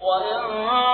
وإن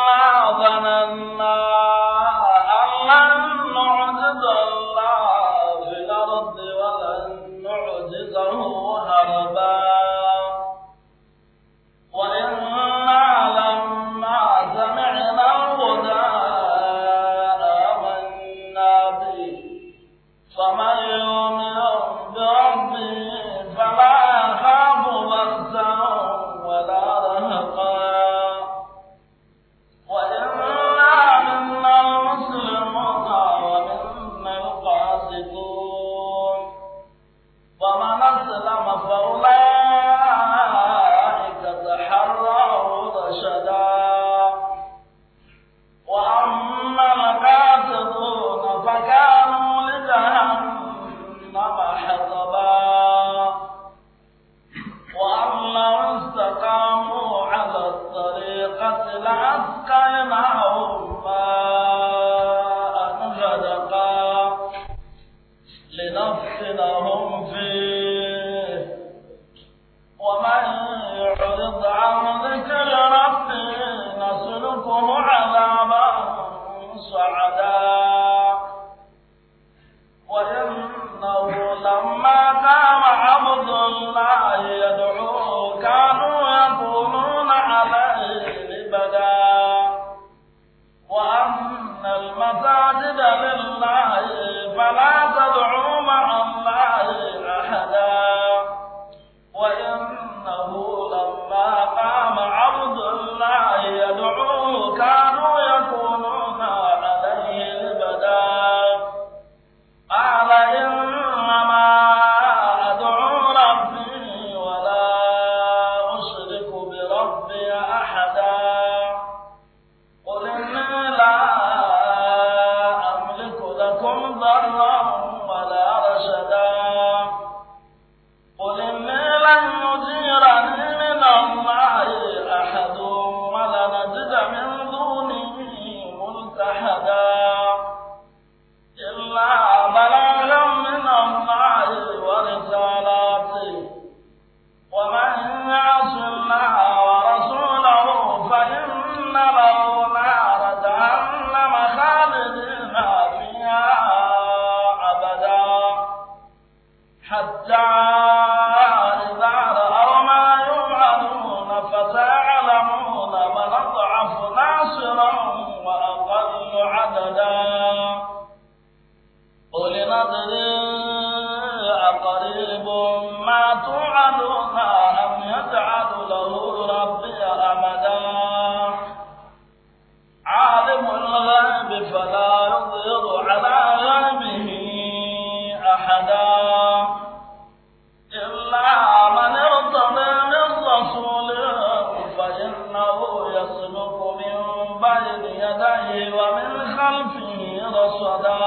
يديه ومن خلفه رصدا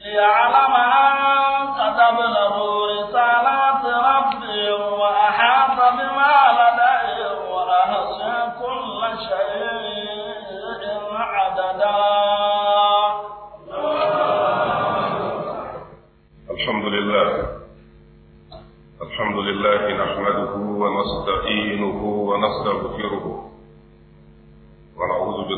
ليعلم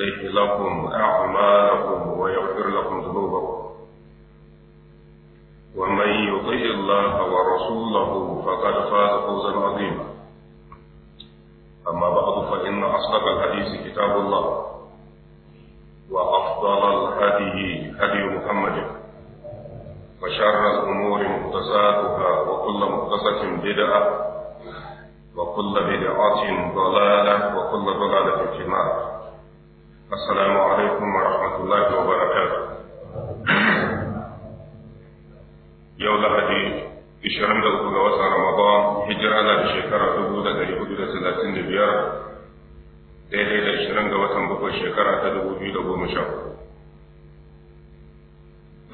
يصلح لكم أعمالكم ويغفر لكم ذنوبكم ومن يطع الله ورسوله فقد فاز فوزا عظيما أما بعد فإن أصدق الحديث كتاب الله وأفضل الهدي هدي محمد وشر الأمور مقتساتها وكل محدثة بدعة وكل بدعة ضلالة وكل ضلالة في النار السلام عليكم ورحمة الله وبركاته يوم لحدي إشرم دلقوا وسع رمضان هجرة لشكرة دبودة لحدود ثلاثين دبيار daidai da ishirin ga watan shekara ta dubu biyu da goma sha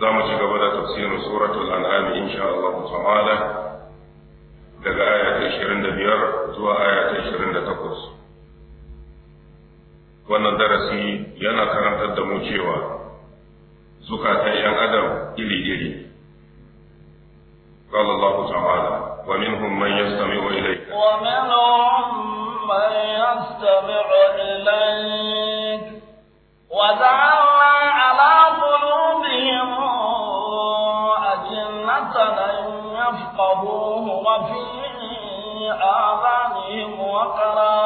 za mu ci gaba da tafsirin suratul an'am insha Allah ta'ala daga aya ta zuwa aya ta wannan darasi yana karantar da mu cewa zukatan ‘yan adam iri-iri. قال الله تعالى ومنهم من يستمع إليك ومنهم من يستمع إليك وجعلنا على قلوبهم أجنة أن يفقهوه وفي آذانهم وقرا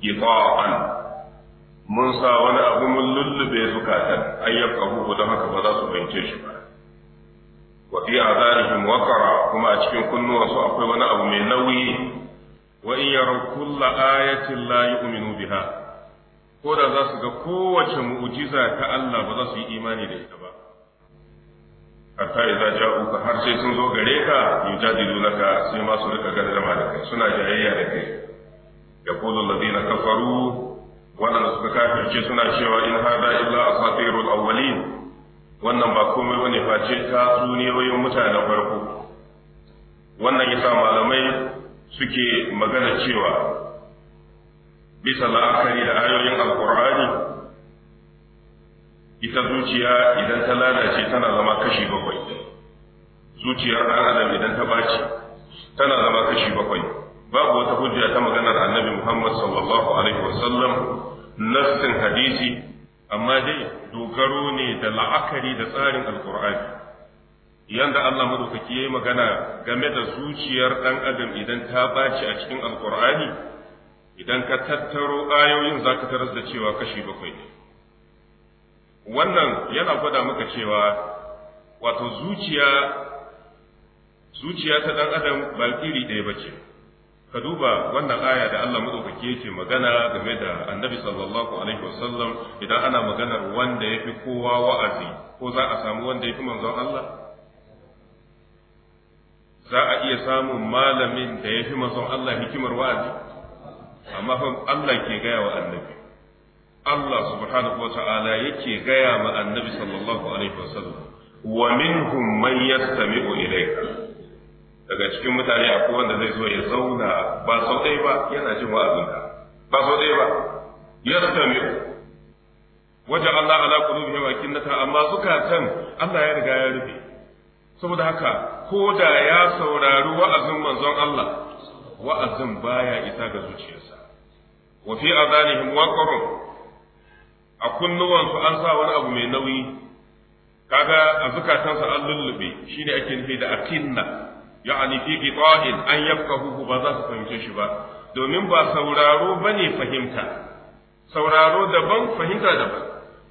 qita'an mun sa wani abu mun lullube zukatan ayyab abubu, don haka ba za su fahimce shi ba wa fi waqara kuma a cikin kunnuwansu akwai wani abu mai nauyi wa in yaraw kulla ayatin la yu'minu biha ko da za su ga kowace mu'jiza ta Allah ba za su yi imani da ita ba hatta idza ja'uka har sai sun zo gare ka yujadilunaka sai ma su rika gaddama da kai suna jayayya da kai yaqulu alladhina kafaru wannan suka kafirce suna cewa in hada illa asatirul awwalin wannan ba komai bane face ta suniyoyin mutane farko wannan yasa malamai suke magana cewa bisa la'akari da ayoyin alkur'ani ita zuciya idan ta lalace tana zama kashi bakwai zuciyar ɗan adam idan ta ɓaci tana zama kashi bakwai babu wata hujja ta maganar annabi Muhammad sallallahu alaihi wasallam nassin hadisi amma dai dogaro ne da la'akari da tsarin alkur'ani yanda Allah madaukaki yayi magana game da zuciyar dan adam idan ta baci a cikin alkur'ani idan ka tattaro ayoyin zaka tarar da cewa kashi bakwai ne wannan yana gwada maka cewa wato zuciya zuciya ta dan adam ba iri ɗaya bace ka duba wannan aya da Allah madaukake yake magana game da Annabi sallallahu alaihi wasallam idan ana maganar wanda yafi kowa wa'azi ko za a samu wanda yafi manzon Allah za a iya samun malamin da yafi manzon Allah hikimar wa'azi amma fa Allah ke gaya wa Annabi Allah subhanahu wata'ala yake gaya ma Annabi sallallahu alaihi wasallam wa minhum man yastami'u ilayka daga cikin mutane akwai wanda zai zo ya zauna ba sau ɗaya ba yana jin wa'azinka ba sau ɗaya ba ya yastami wajen Allah ala qulubihim nata amma zukatan Allah ya riga ya rufe saboda haka ko da ya saurari wa'azin manzon Allah wa'azin baya isa ga zuciyarsa wa fi adanihim waqarun a kunnuwansu an sa wani abu mai nauyi kaga a zukatansa an lullube shine ake nufi da akinna ya'ani fi qita'in an yafqahuhu ba za su fahimce shi ba domin ba sauraro bane fahimta sauraro daban fahimta daban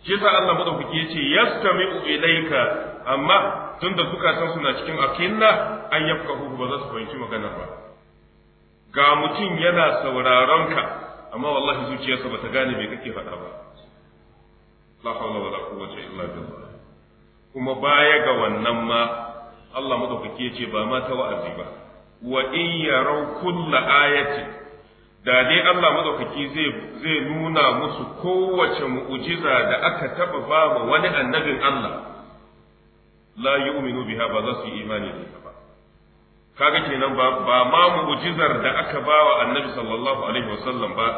shi yasa Allah madaukaki yace yastami'u ilayka amma tunda zukatan suna cikin akinna an yafqahuhu ba za su fahimci magana ba ga mutum yana sauraron ka amma wallahi zuciyarsa ta gane me kake faɗa ba la hawla wala quwwata illa billah kuma baya ga wannan ma Allah madaukaki ya ce ba ma ta wa'azi ba wa in yarau kulla ayati da dai Allah madaukaki zai zai nuna musu kowace mu'jiza da aka taba ba ma wani annabin Allah la yu'minu biha ba za su yi imani da ita ba kaga kenan ba ba ma mu'jizar da aka ba wa annabi sallallahu alaihi wasallam ba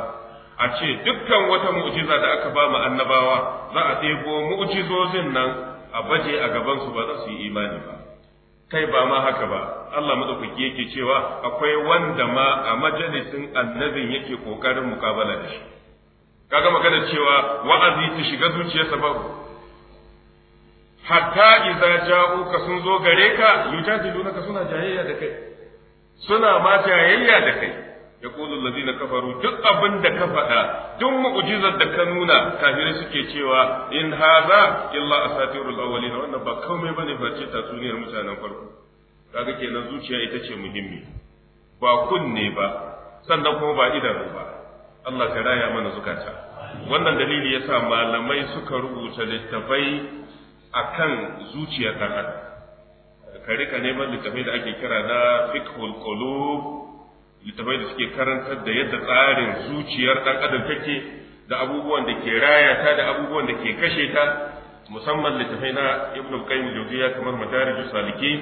a ce dukkan wata mu'jiza da aka ba mu annabawa za a ɗebo mu'jizozin nan a baje a gaban su ba za su yi imani ba kai ba ma haka ba Allah madaukaki yake cewa akwai wanda ma a majalisin annabin yake kokarin mukabala da shi kaga magana cewa wa'azi ta shiga zuciyarsa babu hatta idza ka sun zo gare ka ka suna jayayya da kai suna ma jayayya da kai yaqulu allazina kafaru duk abin da ka faɗa duk mu'jizar da ka nuna kafirai suke cewa in haza illa asatirul awwalin wannan ba komai bane ta tatsuniyar mutanen farko kaga kenan zuciya ita ce muhimmi ba kunne ba sannan kuma ba idanu ba Allah ka raya mana zukata wannan dalili yasa malamai suka rubuta littafai akan zuciyar ɗan adam ka rika neman littafai da ake kira na fiqhul qulub littafai da suke karantar da yadda tsarin zuciyar ɗan adam take da abubuwan da ke raya ta da abubuwan da ke kashe ta musamman littafai na ibnu qayyim jawziya kamar madarijus salikin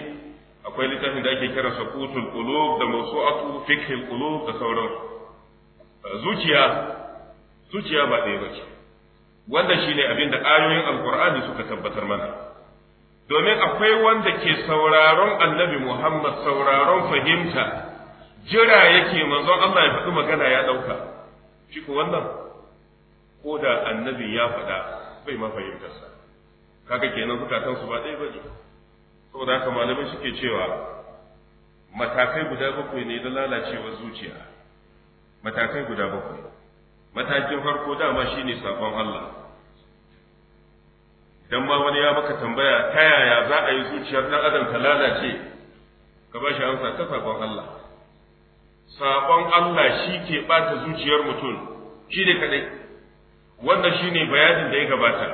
akwai littafin da ake kira sakutul qulub da mawsu'atu fiqhil qulub da sauran zuciya zuciya ba ɗaya bace wanda shine abin da ayoyin alqur'ani suka tabbatar mana domin akwai wanda ke sauraron annabi Muhammad sauraron fahimta jira yake manzon Allah ya faɗi magana ya ɗauka shi ko wannan ko da annabi ya faɗa bai ma fahimtarsa kaga kenan zukatansu ba ɗaya bane saboda haka malamai suke cewa matakai guda bakwai ne na lalacewar zuciya matakai guda bakwai matakin farko dama shine sabon Allah idan ma wani ya maka tambaya ta yaya za a yi zuciyar dan adam ta lalace ka ba shi amsa ta sabon Allah saƙon Allah shi ke ɓata zuciyar mutum shi ne kaɗai wannan shi ne bayanin da ya gabata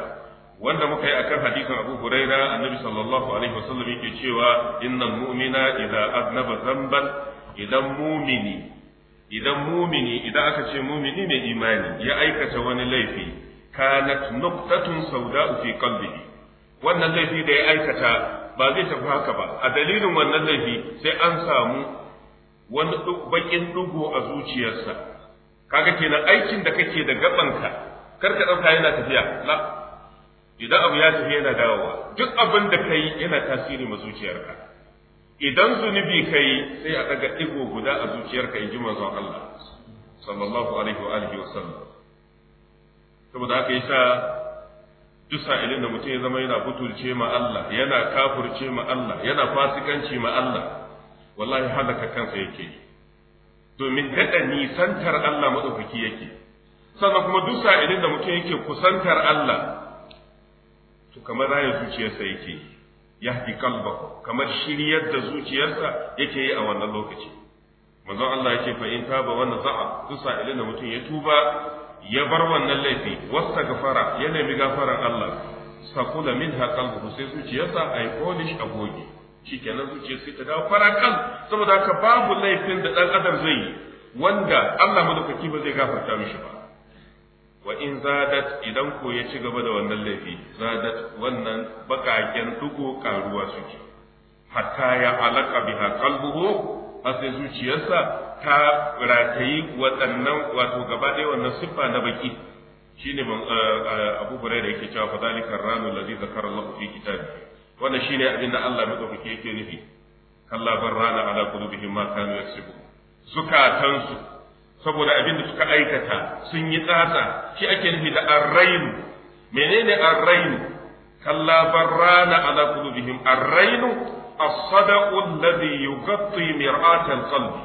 wanda muka yi a kan hadisan Abu Huraira annabi sallallahu alaihi wasallam yake cewa innan mu'mina idan annaba zamban idan mumini idan mumini idan aka ce mumini mai imani ya aikata wani laifi kanat nuqtatun sauda fi qalbihi wannan laifi da ya aikata ba zai tafi haka ba a dalilin wannan laifi sai an samu wani bakin dugo a zuciyarsa kaga kenan aikin da kake da gabanka kar ka dauka yana tafiya la idan abu ya tafi yana dawowa duk abin da kai yana tasiri ma zuciyarka idan zunubi kai sai a daga digo guda a zuciyarka in ji manzon Allah sallallahu alaihi wa alihi wa sallam saboda haka yasa duk sa'ilin da mutum ya zama yana butulce ma Allah yana kafurce ma Allah yana fasikanci ma Allah wallahi halaka kansa yake yi domin daɗa nisantar Allah maɗaukaki yake sannan kuma duk sa'ilin da mutum yake kusantar Allah to kamar raya zuciyarsa yake yi yahdi qalbahu kamar shiryar da zuciyarsa yake yi a wannan lokaci manzon Allah yake fa in taba wa za'a. duk sa'ilin da mutum ya tuba ya bar wannan laifi wasta gafara ya nemi gafaran Allah sakula minha qalbuhu sai zuciyarsa ay polish agogi shi kenan zuciya sai ta dawo fara kan saboda haka babu laifin da ɗan adam zai yi wanda Allah madaukaki ba zai gafarta mishi ba wa in zadat idan ko ya ci gaba da wannan laifi zadat wannan bakaken duko karuwa suke hatta ya alaka biha qalbuhu hasai zuciyarsa ta rataye waɗannan wato gaba ɗaya wannan siffa na baki shine eh, eh, Abu da yake cewa fa zalikar ranu allazi zakara Allah fi kitabihi wannan shine abin da Allah madaukaki yake nufi kalla barrana ala qulubihim ma kanu yaksubu zukatansu saboda abin da suka aikata sun yi tsatsa shi ake nufi da arrainu menene arrainu kalla barrana ala qulubihim arrainu as-sadaqu alladhi yughatti mir'at al-qalbi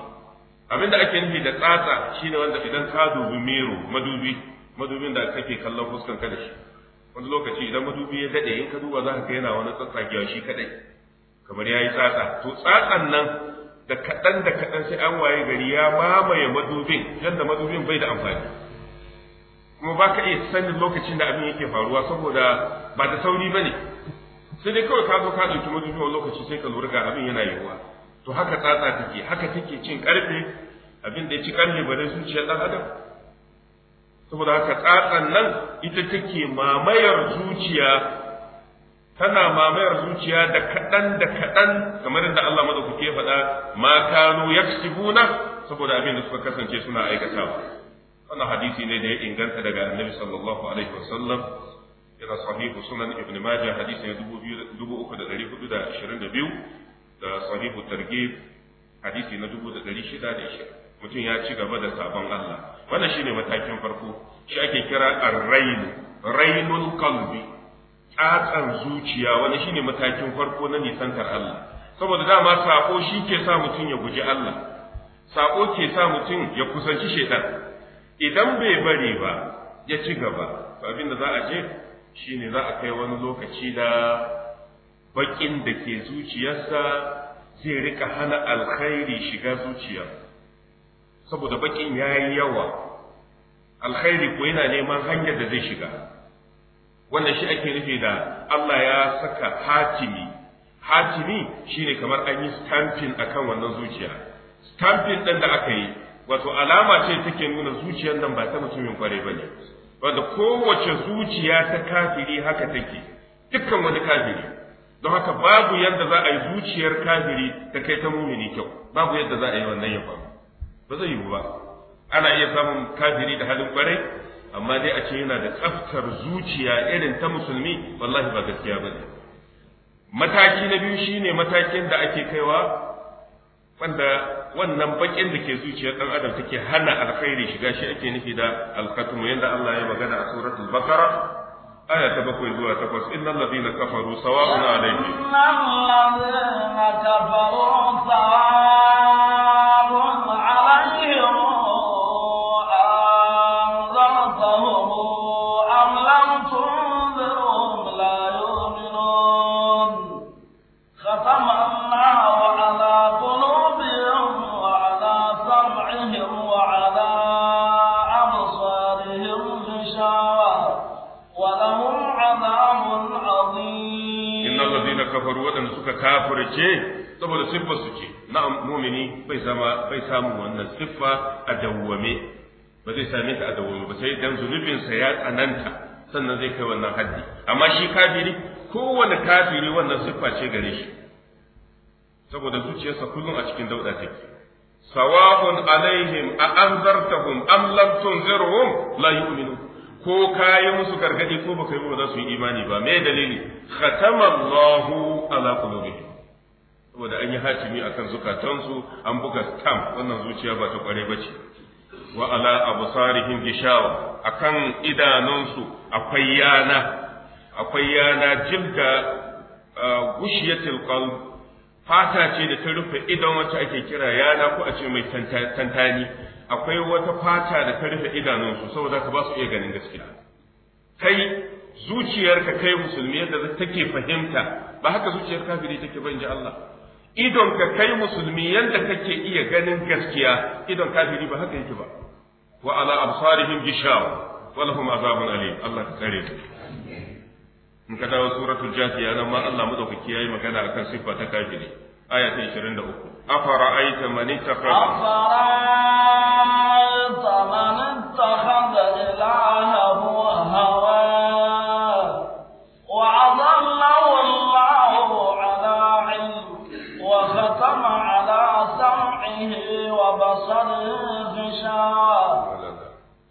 abinda ake nufi da tsatsa shine wanda idan ka dubi miro madubi madubin da kake kallon fuskan ka da shi wani lokaci idan madubi ya daɗe, in ka duba za ka ga yana wani tsatsagewa shi kaɗai. kamar ya yi tsatsa to tsatsan nan da kaɗan da kaɗan sai an waye gari ya mamaye madubin yadda madubin bai da amfani kuma ba ka iya sanin lokacin da abin yake faruwa saboda ba da sauri ba ne sai dai kawai ka zo ka ɗauki madubin wani lokaci sai ka lura ga abin yana yiwuwa to haka tsatsa take haka take cin ƙarfe abin da ya ci ƙarfe ba dai zuciyar ɗan adam saboda haka tsatsan nan ita take mamayar zuciya tana mamayar zuciya da kaɗan da kaɗan kamar yadda Allah madaukake ya faɗa ma kanu yaksibuna saboda abin da suka kasance suna aikatawa wannan hadisi ne da ya inganta daga annabi sallallahu alaihi wasallam ila sahihu sunan ibn majah hadisi ne 3422 da sahihu targhib hadisi na 6620 mutum ya ci gaba da sabon Allah wannan shine matakin farko shi ake kira ar-rayn raynul qalbi tsatsan zuciya wannan shine matakin farko na nisantar Allah saboda dama sako shi ke sa mutum ya guji Allah sako ke sa mutum ya kusanci shaitan idan bai bari ba ya ci gaba to abin da za a je shine za a kai wani lokaci da baƙin da ke zuciyarsa zai rika hana alkhairi shiga zuciyarsa saboda bakin yi yawa alkhairi ko yana neman hanyar da zai shiga wannan shi ake nufi da Allah ya saka hatimi hatimi shine kamar an yi stamping akan wannan zuciya stamping din da aka yi wato alama ce take nuna zuciyar nan ba ta mutumin kwarai bane wanda kowace zuciya ta kafiri haka take dukkan wani kafiri don haka babu yadda za a yi zuciyar kafiri ta kai ta mumini kyau babu yadda za a yi wannan ya faru ba zai yiwu ba ana iya samun kafiri da halin kwarai amma dai a ce yana da tsaftar zuciya irin ta musulmi wallahi ba gaskiya ba ne mataki na biyu shine matakin da ake kaiwa wanda wannan bakin da ke zuciyar ɗan adam take hana alkhairi shiga shi ake nufi da alkhatmu yanda Allah ya magana a suratul bakara aya ta bakwai zuwa takwas innal ladina kafaru sawa'un alaihim innal ladina kafaru siffar na'am mumini bai zama bai samu wannan siffa a dawwame ba zai same ta a dawwame ba sai dan zunubinsa ya tsananta sannan zai kai wannan haddi amma shi kafiri kowane kafiri wannan siffa ce gare shi saboda zuciyarsa kullum a cikin dauda take sawa'un alaihim a anzartahum am lam tunzirhum la yu'minu ko yi musu gargadi ko baka yi ba za su yi imani ba me dalili khatama Allahu ala qulubihim saboda an yi hatimi akan zukatansu an buga stamp wannan zuciya ba ta kware ba ce wa ala absarihim gishawa akan idanunsu akwai yana akwai yana jibga gushiyatul qalb fata ce da ta rufe idan wacce ake kira yana ko a ce mai tantani akwai wata fata da ta rufe idanunsu saboda ka ba su iya ganin gaskiya kai zuciyarka kai musulmi yadda take fahimta ba haka zuciyar kafiri take ban ji Allah idon ka kai musulmi yadda kake iya ganin gaskiya idon kafiri ba haka yake ba wa ala absarihim gishawa wa lahum azabun alim Allah ka tsare ku in ka dawo suratul jafiya nan ma Allah madaukaki yayi magana akan siffa ta kafiri aya ta 23 afara'aita man ittakhadha afara'aita man ittakhadha ilahahu hawa بصره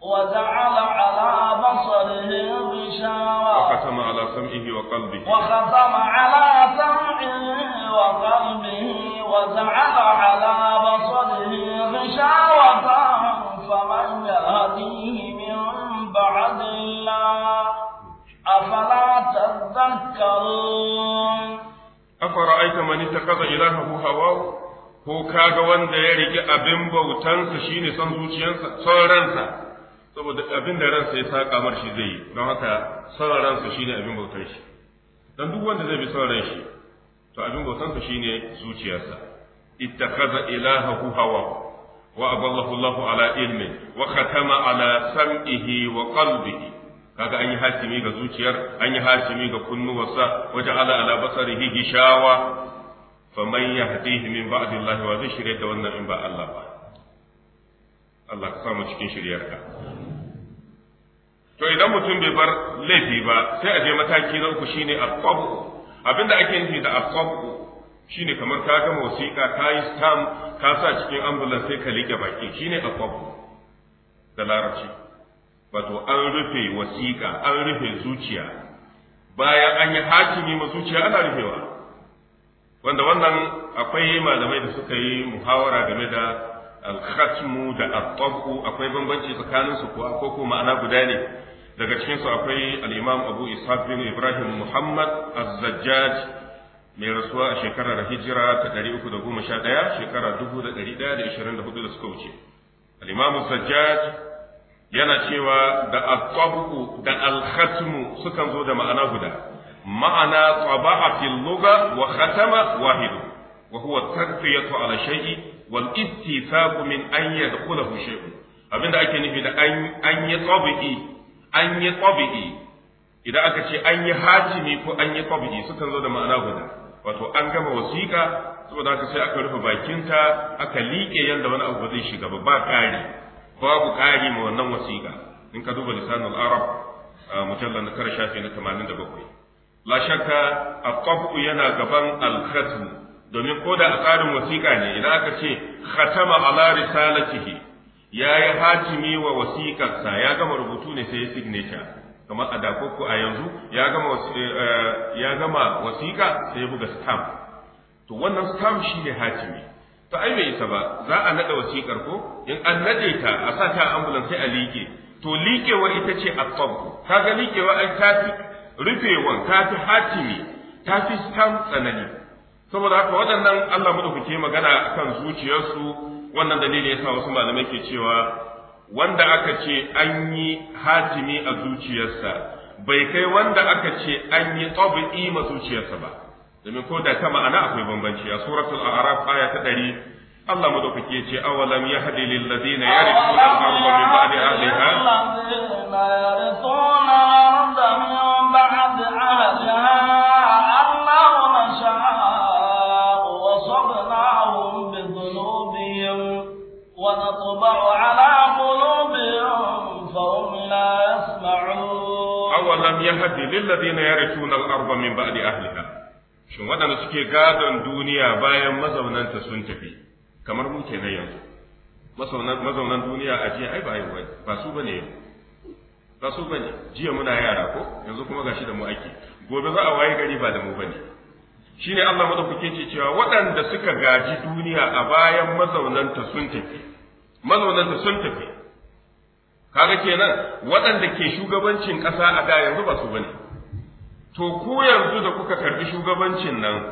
وجعل على بصره غشاوة وختم على سمعه وقلبه وختم على سمعه وقلبه وجعل على بصره غشاوة فمن يهديه من بعد الله أفلا تذكرون أفرأيت من اتخذ إلهه هواه ko kaga wanda ya riki abin bautansa shine son zuciyarsa son ransa saboda abin da ransa ya saka mar shi zai yi don haka son ransa shine abin bautar shi dan duk wanda zai bi son ran shi to abin bautansa shine zuciyarsa ittakhadha ilahahu hawa wa aballahu Allah ala ilmi wa khatama ala sam'ihi wa qalbihi kaga an yi hatimi ga zuciyar an yi hatimi ga kunnuwarsa waje ala ala basarihi gishawa faman yahdihi min ba'dillahi wa zai shirye da wannan in ba Allah ba Allah ka samu cikin shiryarka to idan mutum bai bar laifi ba sai aje mataki na uku shine aqab abinda ake nufi da aqab shine kamar ka gama wasiƙa ka yi stamp ka sa cikin ambulance sai ka liƙe baki shine aqab da larabci wato an rufe wasiƙa an rufe zuciya bayan an yi hakimi ma zuciya ana rufewa wanda wannan akwai malamai da suka yi muhawara game da alkhatmu da at akwai bambanci tsakanin su ko ko kuma ma'ana guda ne daga cikin su akwai al-imam Abu Isa bin Ibrahim Muhammad az-Zajjaj mai rasuwa a shekarar hijira ta 311 shekara 1124 da suka wuce al-imam az-Zajjaj yana cewa da at da al-khatmu sukan zo da ma'ana guda ma'ana taba'a fil lugha wa khatama wahid wa huwa tarfiyatu ala wal ittifaq min an abinda ake nufi da an an yi an yi tabi'i idan aka ce an yi hatimi ko an yi tabi'i sukan zo da ma'ana guda wato an gama wasiƙa saboda aka sai aka rufe bakinta aka liƙe yanda wani abu zai shiga ba ba ƙari babu ƙari ma wannan wasiƙa in ka duba lisanul arab mujallar na kara shafi na 87 la shakka at yana gaban al domin ko da a tsarin wasiƙa ne idan aka ce khatama ala risalatihi ya yi hatimi wa wasiƙarsa ya gama rubutu ne sai ya signature kamar a dakokku a yanzu eh, eh, ya gama wasiƙa sai ya buga stamp to wannan stamp shi ne hatimi to ai bai isa ba za a naɗa wasiƙar ko in an naɗe ta a sa ta sai a liƙe to liƙewa ita ce a kaga liƙewa ai ta rufewan ta fi hatimi ta fi stam tsanani saboda haka waɗannan Allah madaukake magana kan zuciyarsu wannan dalili yasa wasu malamai ke cewa wanda aka ce an yi hatimi a zuciyarsa bai kai wanda aka ce an yi tsabi'i ma zuciyarsa ba domin ko da ta ma'ana akwai bambanci a suratul a'raf aya ta ɗari Allah madaukake ce awalam yahdi lil ladina yarithuna al-ardha min ba'di ahliha yahdi lilladheena yarithuna al-ardha min ba'di ahliha shin wadanda suke gadon duniya bayan mazaunanta sun tafi kamar mu kenan yanzu mazaunan duniya a jiya ai ba ba su bane ba su bane jiya muna yara ko yanzu kuma gashi da mu ake gobe za a waye gari ba da mu bane shine Allah kuke ce cewa waɗanda suka gaji duniya a bayan mazaunanta sun tafi mazaunanta sun tafi kaga kenan waɗanda ke shugabancin ƙasa a da yanzu ba su bane to ku yanzu da kuka karbi shugabancin nan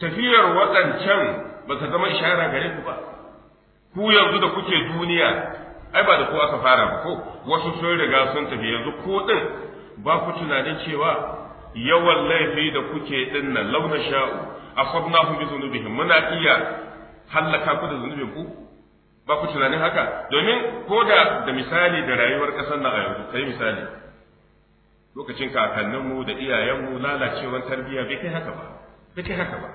tafiyar waɗancan ba ta zama ishara gare ku ba ku yanzu da kuke duniya ai ba da ko aka fara ba ko wasu sun riga sun tafi yanzu ko din ba ku tunanin cewa yawan laifi da kuke din nan launa sha'u asabnahu bi zunubihim muna iya hallaka ku da zunubin ku ba ku tunanin haka domin ko da da misali da rayuwar kasar nan a yanzu kai misali lokacin kakanninmu da iyayenmu lalacewar tarbiyya bai kai haka ba bai kai haka ba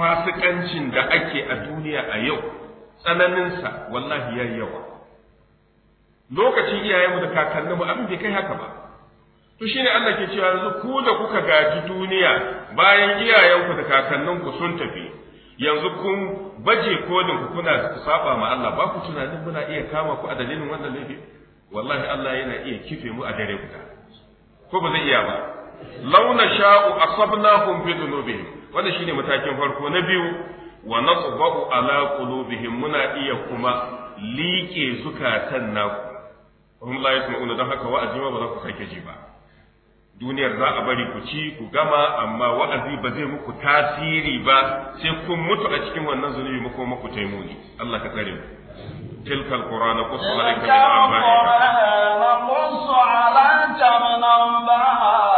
fasikancin da ake a duniya a yau tsananinsa wallahi ya yawa lokacin iyayenmu da kakanninmu abin bai kai haka ba to shine Allah ke cewa yanzu ku da kuka gaji duniya bayan iyayenku da kakanninku sun tafi yanzu kun baje kodin ku kuna ku saba ma Allah ba ku tunanin muna iya kama ku a dalilin wannan laifi wallahi Allah yana iya kife mu a dare guda ko ba zai iya ba launa sha'u asabnahum bi dhunubihim wannan shine matakin farko na biyu wa nasbahu ala qulubihim muna iya kuma liƙe zukatan naku hum la yasma'una don haka wa'azi ma ba za ku sake ji ba duniyar za a bari ku ci ku gama amma wa'azi ba zai muku tasiri ba sai kun mutu a cikin wannan zunubi muku muku taimuni Allah ka tsare mu تلك القرى نقص عليك من أنبائها نقص عليك من أنبائها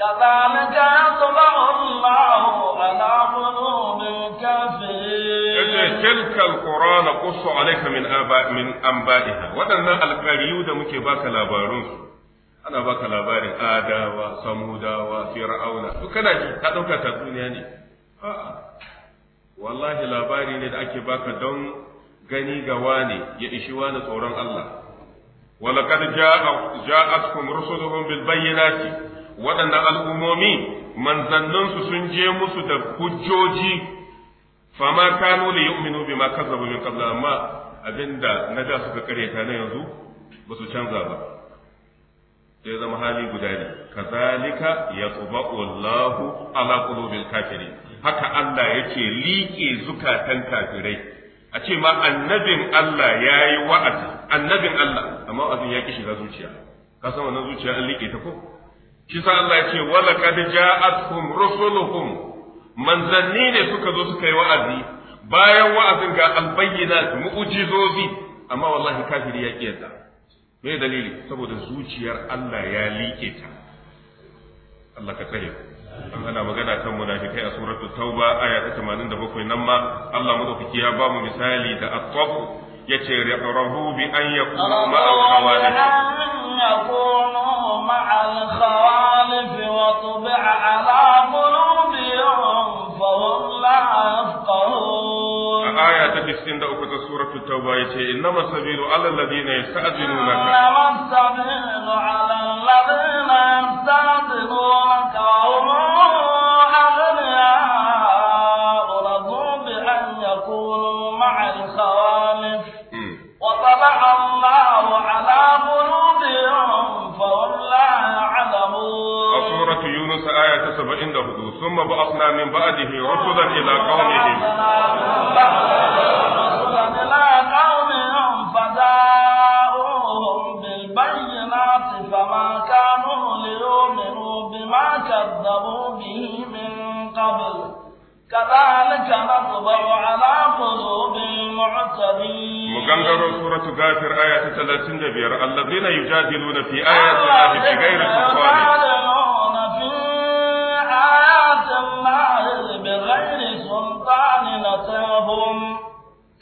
كذلك يطبع الله على قلوب الكافرين تلك القرى نقص عليك من آباء من أنبائها ودنا القريو da muke baka labarun ana baka labarin adawa samudawa fir'auna duk kana ji ka dauka duniya ne wallahi labari ne da ake baka don gani ga wane ya ishi wani tsoron Allah ولقد جاء جاءتكم رسلهم بالبينات waɗannan al'ummomi manzanninsu sun je musu da hujjoji fama kanu li yu'minu bima kazzabu min qabla amma abinda na da suka karyata na yanzu ba su canza ba sai zama hali guda ne kazalika yatba'u Allahu ala qulubil kafiri haka Allah yake liƙe zukatan kafirai a ce ma annabin Allah yayi wa'azi annabin Allah amma wa'azin ya ƙi shiga zuciya ka san wannan zuciya an liƙe ta ko shi sa Allah ce wa laqad ja'atkum rusuluhum manzanni ne suka zo suka yi wa'azi bayan wa'azin ga albayyinat mu'jizozi amma wallahi kafiri ya kiyata me dalili saboda zuciyar Allah ya liƙe ta Allah ka tsare an hana magana kan munafikai a suratu tauba aya ta 87 nan ma Allah madaukaki ya ba mu misali da at-tabu yace rahu bi an yakunu ma'a khawarij الخوالف وطبع على قلوبهم فهم لا يفقهون آية تكسين دعوكة سورة التوبة إنما السبيل على الذين يستأذنونك إنما السبيل على الذين يستأذنونك وهم ثم بعثنا من بعده رسلا إلى قومهم إلى قومهم بالبينات فما كانوا ليؤمنوا بما كذبوا به من قبل كذلك نطبع على قلوب المعتدين مغنغر سورة غافر آية 35 الذين يجادلون في آيات الله بغير سلطان يجادلون في آيات الله بغير سلطان نتاهم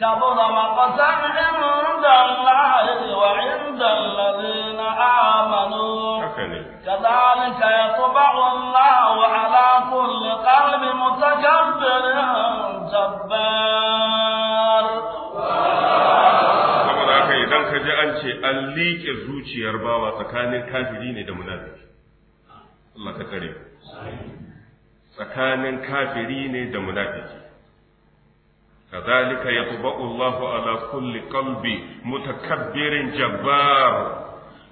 كبر مقتا عند الله وعند الذين آمنوا كذلك يطبع الله على كل قلب متكبر جبار idan ka ji an ce an liƙe zuciyar bawa tsakanin kafiri ne da munafiki Allah ka kare tsakanin kafiri ne da munafiki kazalika yatba'u Allahu ala kulli qalbi mutakabbirin jabbar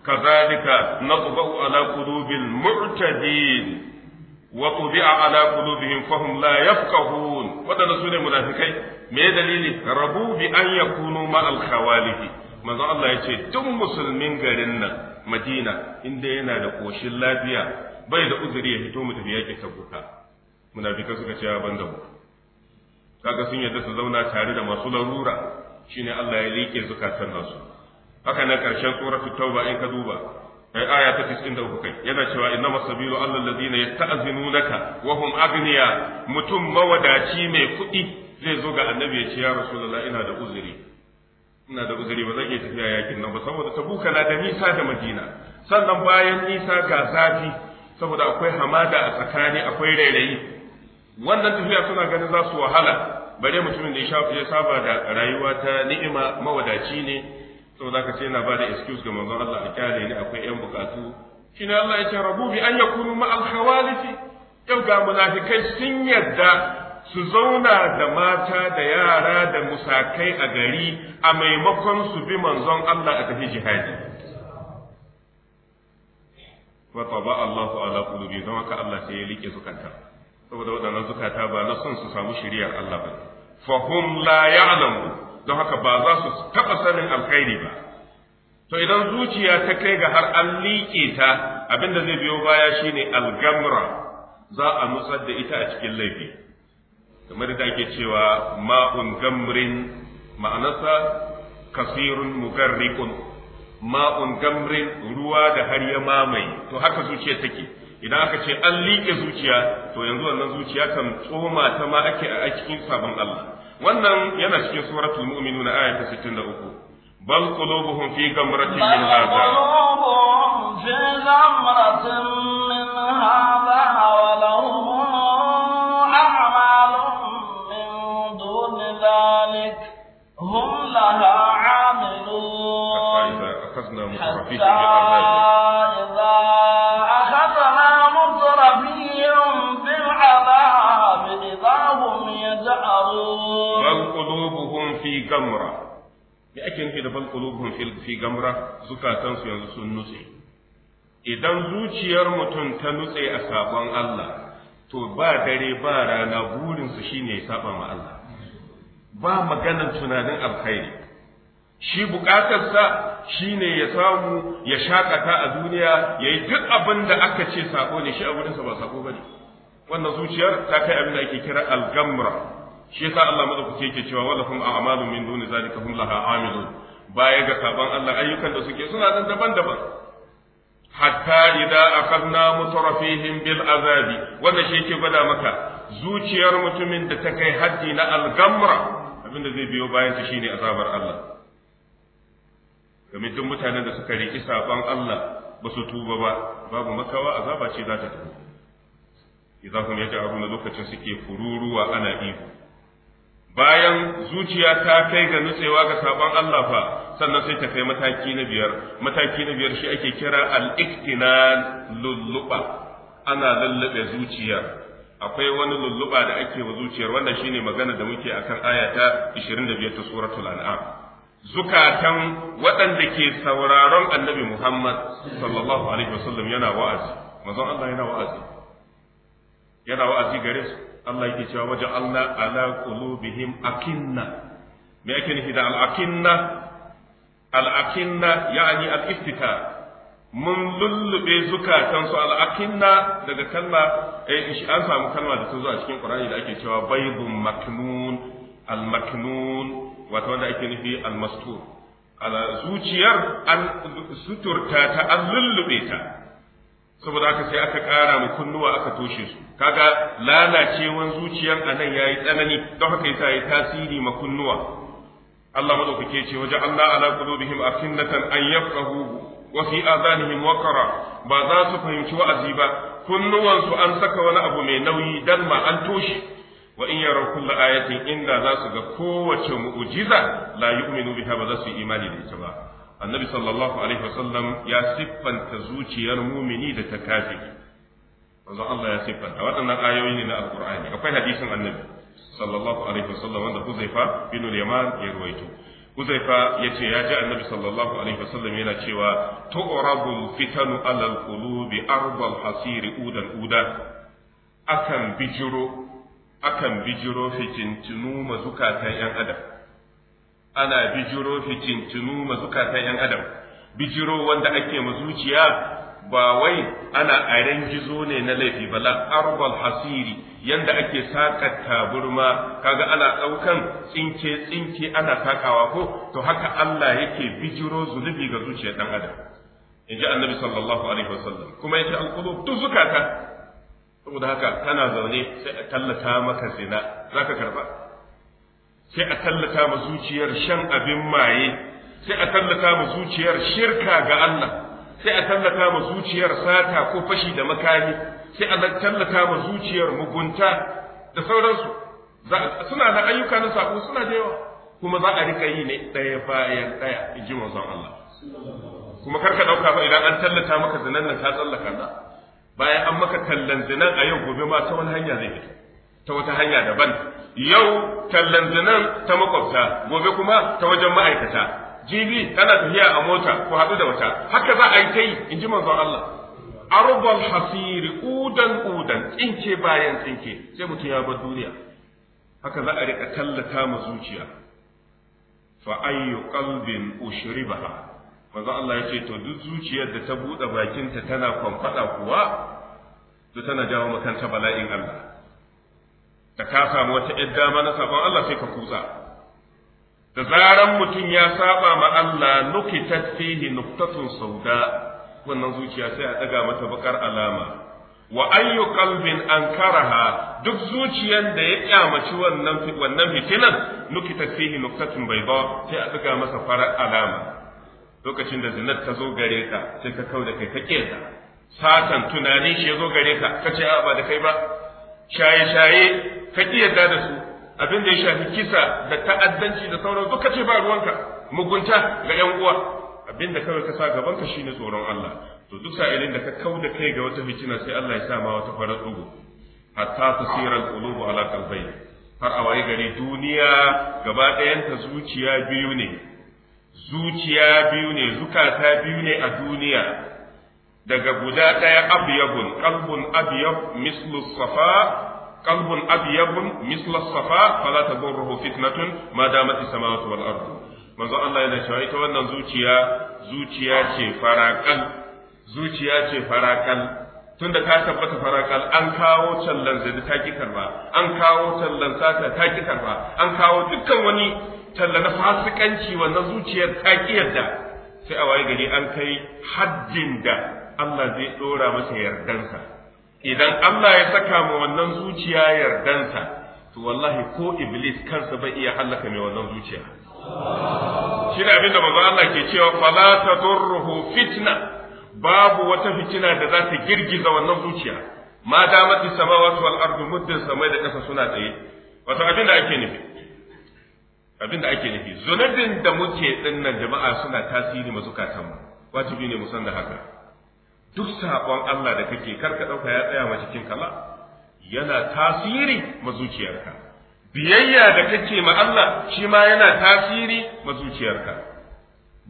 kazalika natba'u ala qulubil mu'tadin wa tubi'a ala qulubihim fahum la yafqahun wadanda su munafikai me dalili rabu bi an yakunu ma al khawalifi manzo Allah yace duk musulmin garin nan Madina inda yana da koshin lafiya bai da uzuri ya fito mu tafi yake tabuka munafika suka ce ban da mu kaga sun yadda su zauna tare da masu larura shine Allah ya rike zukatan nasu haka nan karshen suratul tauba in ka duba ai aya ta 93 kai yana cewa inna sabilu allal ladina yata'zinunaka wa hum agniya mutum mawadaci mai kuɗi zai zo ga annabi ya ce ya rasulullah ina da uzuri ina da uzuri ba zan iya tafiya yakin nan ba saboda tabuka na da nisa da madina sannan bayan nisa ga zafi saboda akwai hamada a tsakani akwai rairayi wannan tafiya suna ganin za su wahala bare mutumin da ya saba da rayuwa ta ni'ima mawadaci ne saboda ka ce yana ba da excuse ga manzon Allah a kyale ne akwai yan bukatu shine Allah ya ce rabu bi an yakunu ma al yau ga munafikai sun yadda su zauna da mata da yara da musakai a gari a maimakon su bi manzon Allah a tafi jihadi wa taba Allahu ala qulubi don haka Allah sai ya rike kanta saboda waɗannan zukata ba na son su samu shari'ar Allah ba hum la ya'lamu don haka ba za su taɓa sanin alkhairi ba to idan zuciya ta kai ga har an liƙe ta abinda zai biyo baya shine algamra za a nutsar da ita a cikin laifi kamar da ake cewa ma'un gamrin ma'anarsa kasirun mugarriqun ma'un gamrin ruwa da har ya mamaye to haka zuciya take idan aka ce an liƙe zuciya to yanzu wannan zuciya kan tsoma ta ma ake a cikin sabon Allah wannan yana cikin suratul mu'minuna aya ta 63 bal qulubuhum fi gamratin min hadha fi gamratin min hadha gamra me ake nufi da bal qulubuhum fi gamra zukatansu yanzu sun nutse idan zuciyar mutum ta nutse a sabon Allah to ba dare ba rana burin su shine ya saba ma Allah ba maganar tunanin alkhairi shi bukatarsa ne ya samu ya shakata a duniya yayi duk abin da aka ce sako ne shi a wurinsa ba sako bane wannan zuciyar ta kai abin da ake kira al-gamra shi yasa Allah madaukake yake cewa walahum a'malun min duni zalika hum laha amilun baya ga saban Allah ayyukan da suke suna nan daban-daban hatta idza akhadna mutrafihim bil azabi wanda shi yake gwada maka zuciyar mutumin da ta kai haddi na algamra abinda zai biyo bayan ta shine azabar Allah kamar duk mutanen da suka riki saban Allah ba su tuba ba babu makawa azaba ce za ta tafi idan kuma yaji abu na lokacin suke fururuwa ana ihu bayan zuciya ta kai ga nutsewa ga sabon Allah fa sannan sai ta kai mataki na biyar mataki na biyar shi ake kira al-iktinan lulluba ana lullube zuciya akwai wani lulluba da ake wa zuciyar wannan shine magana da muke akan aya ta 25 ta suratul an'am zukatan waɗanda ke sauraron annabi Muhammad sallallahu alaihi wasallam yana wa'azi manzon Allah yana wa'azi yana wa'azi gare su Allah yake cewa waje Allah ala qulubihim akinna me yake nufi da al-akinna al-akinna yani al-iftita mun lullube zukatan su al-akinna daga kalma eh an samu kalma da ta zo a cikin Qur'ani da ake cewa baydun maknun al-maknun wato wanda ake nufi al-mastur ala zuciyar an suturta ta an lullube ta saboda haka sai aka ƙara mu kunnuwa aka toshe su kaga lalacewan nan anan yayi tsanani don haka yasa yayi tasiri makunnuwa Allah madaukake ce waje Allah ala qulubihim akinnatan an yafqahu wa fi adanihim waqara ba za su fahimci wa'azi ba kunnuwansu an saka wani abu mai nauyi dan ma an toshe wa in yara kulla ayatin inda za su ga kowace mu'jiza la yu'minu biha ba za su yi imani da ita ba annabi sallallahu alaihi wasallam ya siffanta zuciyar mumini da ta kafiri manzo Allah ya siffanta waɗannan ayoyi ne na alqur'ani akwai hadisin annabi sallallahu alaihi wasallam wanda Huzaifa bin al-Yaman ya ruwaito Huzaifa yace ya ji annabi sallallahu alaihi wasallam yana cewa tu'rabul fitanu alal qulubi arbal hasiri udan udan akan bijiro akan bijiro fitintinu mazukatan yan adam ana bijiro fitintinu mazukatan yan adam bijiro wanda ake mazuciya ba wai ana airen gizo ne na laifi ba la arbal hasiri yanda ake saka taburma kaga ana daukan tsinke tsinke ana takawa ko to haka Allah yake bijiro zunubi ga zuciyar dan adam inji annabi sallallahu alaihi wasallam kuma yace alqulub tuzukata saboda haka kana zaune sai a tallata maka zina zaka karba sai a tallata ma zuciyar shan abin maye sai a tallata ma zuciyar shirka ga Allah sai a tallata ma zuciyar sata ko fashi da makami sai a tallata ma zuciyar mugunta da sauransu suna da ayyuka na sako suna da yawa kuma za a rika yi ne ɗaya bayan ɗaya in ji manzon Allah kuma karka ɗauka ba idan an tallata maka zinan nan ka tsallaka na bayan an maka tallan zinan a yau gobe ma ta wani hanya zai fito ta wata hanya daban yau tallan zinan ta makwabta gobe kuma ta wajen ma'aikata jibi tana tafiya a mota ko haɗu da wata haka za a yi ta yi in ji manzon Allah arbal hasiri udan udan tsinke bayan tsinke sai mutum ya bar duniya haka za a rika tallata ma zuciya fa ayyu qalbin ushribaha Manzon Allah yace to duk zuciyar da ta buɗe bakinta tana kwamfada kuwa to tana jawo makanta bala'in Allah da ka samu wata ƴar dama na sabon Allah sai ka kutsa da zaran mutum ya saba ma Allah nukitat fihi nuktatun sauda wannan zuciya sai a daga mata bakar alama wa ayyu qalbin ankaraha duk zuciyan da ya kyamaci wannan wannan fitinan nukitat fihi nuktatun bayda sai a daga masa farar alama lokacin da zinat ta zo gare ka sai ka kauda kai ka kiyata satan tunani shi ya zo gare ka kace a ba da kai ba shaye shaye ka kiyarda da su abin da ya shafi kisa da ta'addanci da sauran duka ce ba ruwanka mugunta ga yan uwa abin da kawai ka sa gaban ka shine tsoron Allah to duk sa'ilin da ka kau da kai ga wata fitina sai Allah ya sa ma wata farar dugu hatta tasira al-qulubu ala qalbay har a waye gari duniya gaba ɗayan ta zuciya biyu ne zuciya biyu ne zukata biyu ne a duniya daga guda ɗaya abyagun qalbun abyab mislu safa qalbun abyabun misla safa fala tadurruhu fitnatun ma damat as-samawati wal ard manzo Allah yana cewa ita wannan zuciya zuciya ce farakal zuciya ce farakal tunda ka tabbata farakal an kawo tallan zai ta ki karba an kawo tallan sata ta ki karba an kawo dukkan wani talla na fasikanci wannan zuciyar ta ki yarda, sai a waye gari an kai haddin da Allah zai ɗora masa yardansa idan Allah ya saka mu wannan zuciya yardansa to wallahi ko iblis kansa bai iya hallaka mai wannan zuciya shi ne abinda manzo Allah ke cewa fala tadurruhu fitna babu wata fitina da za ta girgiza wannan zuciya ma damat samawati wal ardu muddin samai da kasa suna tsaye wato abinda ake nufi abinda ake nufi zunubin da muke dinnan jama'a suna tasiri mazukatan mu wajibi ne mu san da haka duk sabon Allah da kake karka ɗauka ya tsaya ma cikin kala yana tasiri ma zuciyarka. biyayya da kake ma Allah shi ma yana tasiri ma zuciyarka.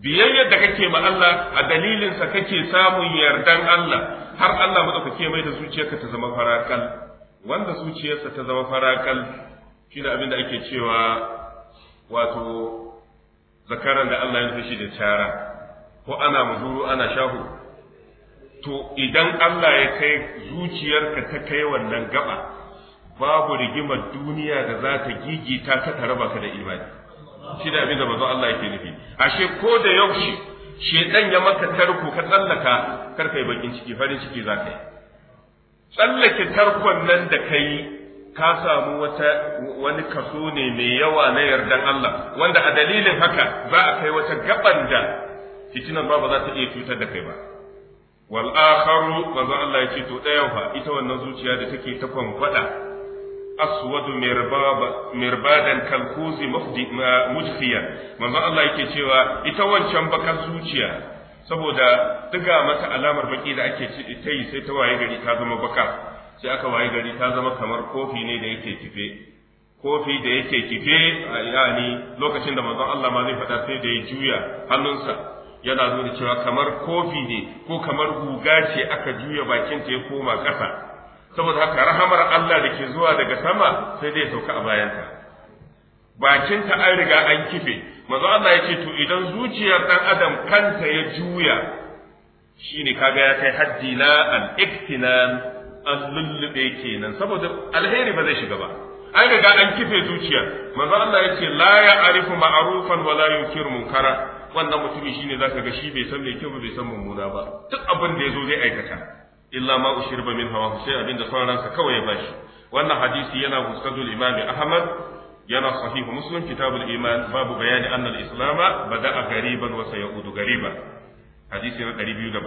biyayya da kake ma Allah a dalilinsa kake samun yardan Allah har Allah madaukake mai da zuciyarka ta zama farakal wanda zuciyarsa ta zama farakal shi abin da ake cewa wato zakaran da Allah ya nufi shi da cara ko ana muzuru ana shahu to idan Allah ya kai zuciyarka ta kai wannan gaba babu rigimar duniya da za ta gigita ta ta raba ka da imani shi da abin da bazo Allah yake nufi ashe ko da yaushe shedan ya maka tarko ka tsallaka kar kai bakin ciki farin ciki za ka yi tsallake tarkon nan da kai ka samu wata wani kaso ne mai yawa na yardan Allah wanda a dalilin haka za a kai wata gaban da fitinan ba ba za ta iya cutar da kai ba wal akharu Allah ya ce to ɗayan fa ita wannan zuciya da take ta kwankwada aswadu mirbaba mirbadan kalkuzi mufdi mujfiya manzo Allah yake cewa ita wancan bakar zuciya saboda diga mata alamar baki da ake ta yi sai ta waye gari ta zama baka sai aka waye gari ta zama kamar kofi ne da yake kife kofi da yake kife yani lokacin da manzon Allah ma zai faɗa sai da ya juya hannunsa yana nuna cewa kamar kofi ne ko kamar guga ce aka juya bakinta ya koma ƙasa saboda haka rahamar Allah da ke zuwa daga sama sai dai sauka a bayanta bakinta an riga an kife manzo Allah ya ce to idan zuciyar dan adam kanta ya juya shine kaga ya kai haddi la al-iktinan an lullube kenan saboda alheri ba zai shiga ba an riga an kife zuciya manzo Allah ya ce la ya arifu ma'rufan wala yunkiru munkara wannan mutumin shine zaka ga shi bai san mai kyau ba bai san mummuna ba duk abin da yazo zai aikata illa ma ushirba min hawa sai abin da son ransa kawai ya bashi wannan hadisi yana musnadul imami ahmad yana sahihu muslim kitabul iman babu bayani anna al-islam bada'a gariban wa sayaudu ba. hadisi na 207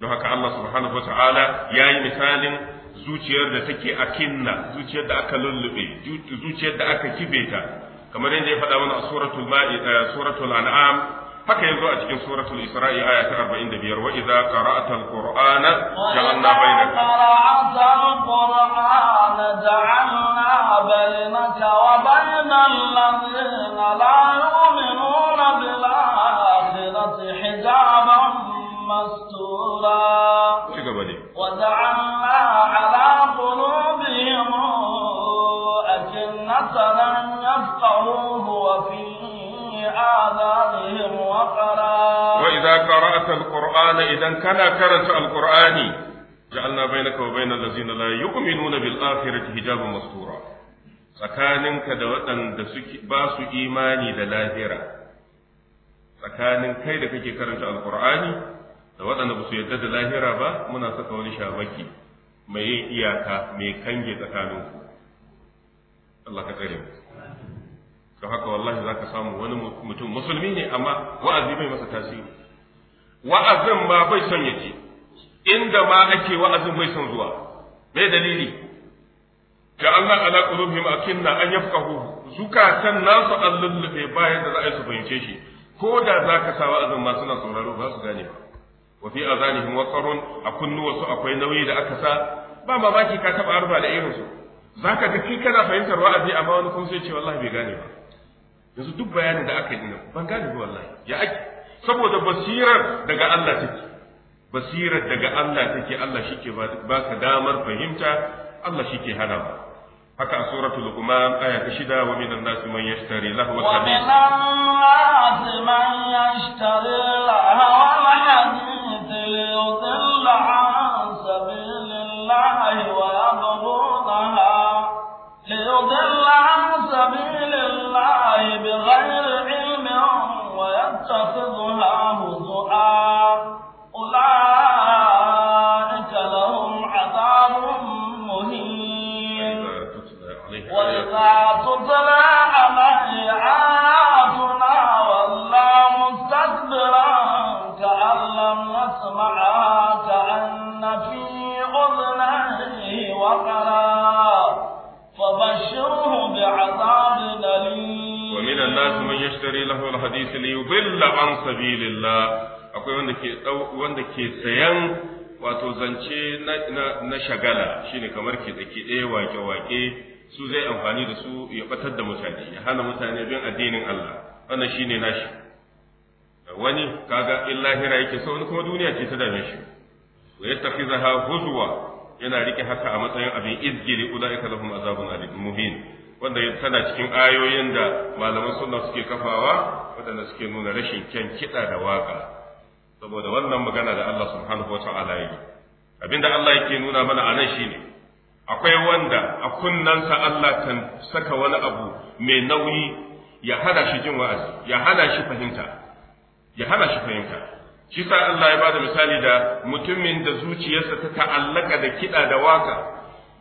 don haka Allah subhanahu wa ta'ala yayi misalin zuciyar da take akinna zuciyar da aka lullube zuciyar da aka kibeta kamar yadda ya faɗa mana a suratul ma'ida eh, suratul an'am haka yanzu a cikin suratul isra'i aya ta 45 wa idza qara'ta al-qur'ana ja'alna bainaka qara'ta ja'alna bainaka wa bainal ladzina la qara'ta alqur'ana idan kana karanta alqur'ani ja'alna bainaka wa bainal ladzina la yu'minuna bil akhirati tsakaninka da waɗanda ba su imani da lahira tsakanin kai da kake karanta alkur'ani da waɗanda ba su yarda da lahira ba muna saka wani shamaki mai yin iyaka mai kange tsakaninku Allah ka tsare mu haka wallahi za ka samu wani mutum musulmi ne amma wa'azi bai masa tasiri wa'azin ma bai son yake inda ma ake wa'azin bai son zuwa me dalili ga Allah ala qulubihim akinna an yafqahu zukatan nasu allulube bayan da za a su fahimce shi ko da za ka sa wa'azin ma suna sauraro ba su gane ba wa fi azanihim waqarun a wasu akwai nauyi da aka sa ba mamaki ka taba arba da irin su zaka ga kai kana fahimtar wa'azi amma wani kuma sai ce wallahi bai gane ba yanzu duk bayanin da aka yi nan ban gane ba wallahi ya ake saboda basirar daga Allah take basirar daga Allah take Allah shike baka damar fahimta Allah shike hana ba haka a suratul luqman aya ta shida wa minan nas man yashtari lahu wa minan nas man yashtari lahu wa hadith liyudilla an sabilillahi wa yabghudha liyudilla an sabilillahi bighayri تتخذها هزؤا أولئك hadisi li an sabilillah akwai wanda ke wanda ke sayan wato zance na shagala shine kamar ke dake dai wake-wake su zai amfani da su ya batar da mutane ya hana mutane bin addinin Allah wannan shine nashi wani kaga in lahira yake so kuma duniya ce ta da shi wa yattakhizaha huzwa yana rike haka a matsayin abin izgili ulaika lahum azabun alim muhin wanda tana cikin ayoyin da malaman suna suke kafawa waɗanda suke nuna rashin kyan kiɗa da waƙa saboda wannan magana da Allah subhanahu wata'ala yi abinda Allah yake nuna mana a nan shine akwai wanda a kunnansa Allah kan saka wani abu mai nauyi ya hana shi jin wa'azi ya hana shi fahimta ya hana shi fahimta shi sa Allah ya bada misali da mutumin da zuciyarsa ta ta'allaka da kiɗa da waka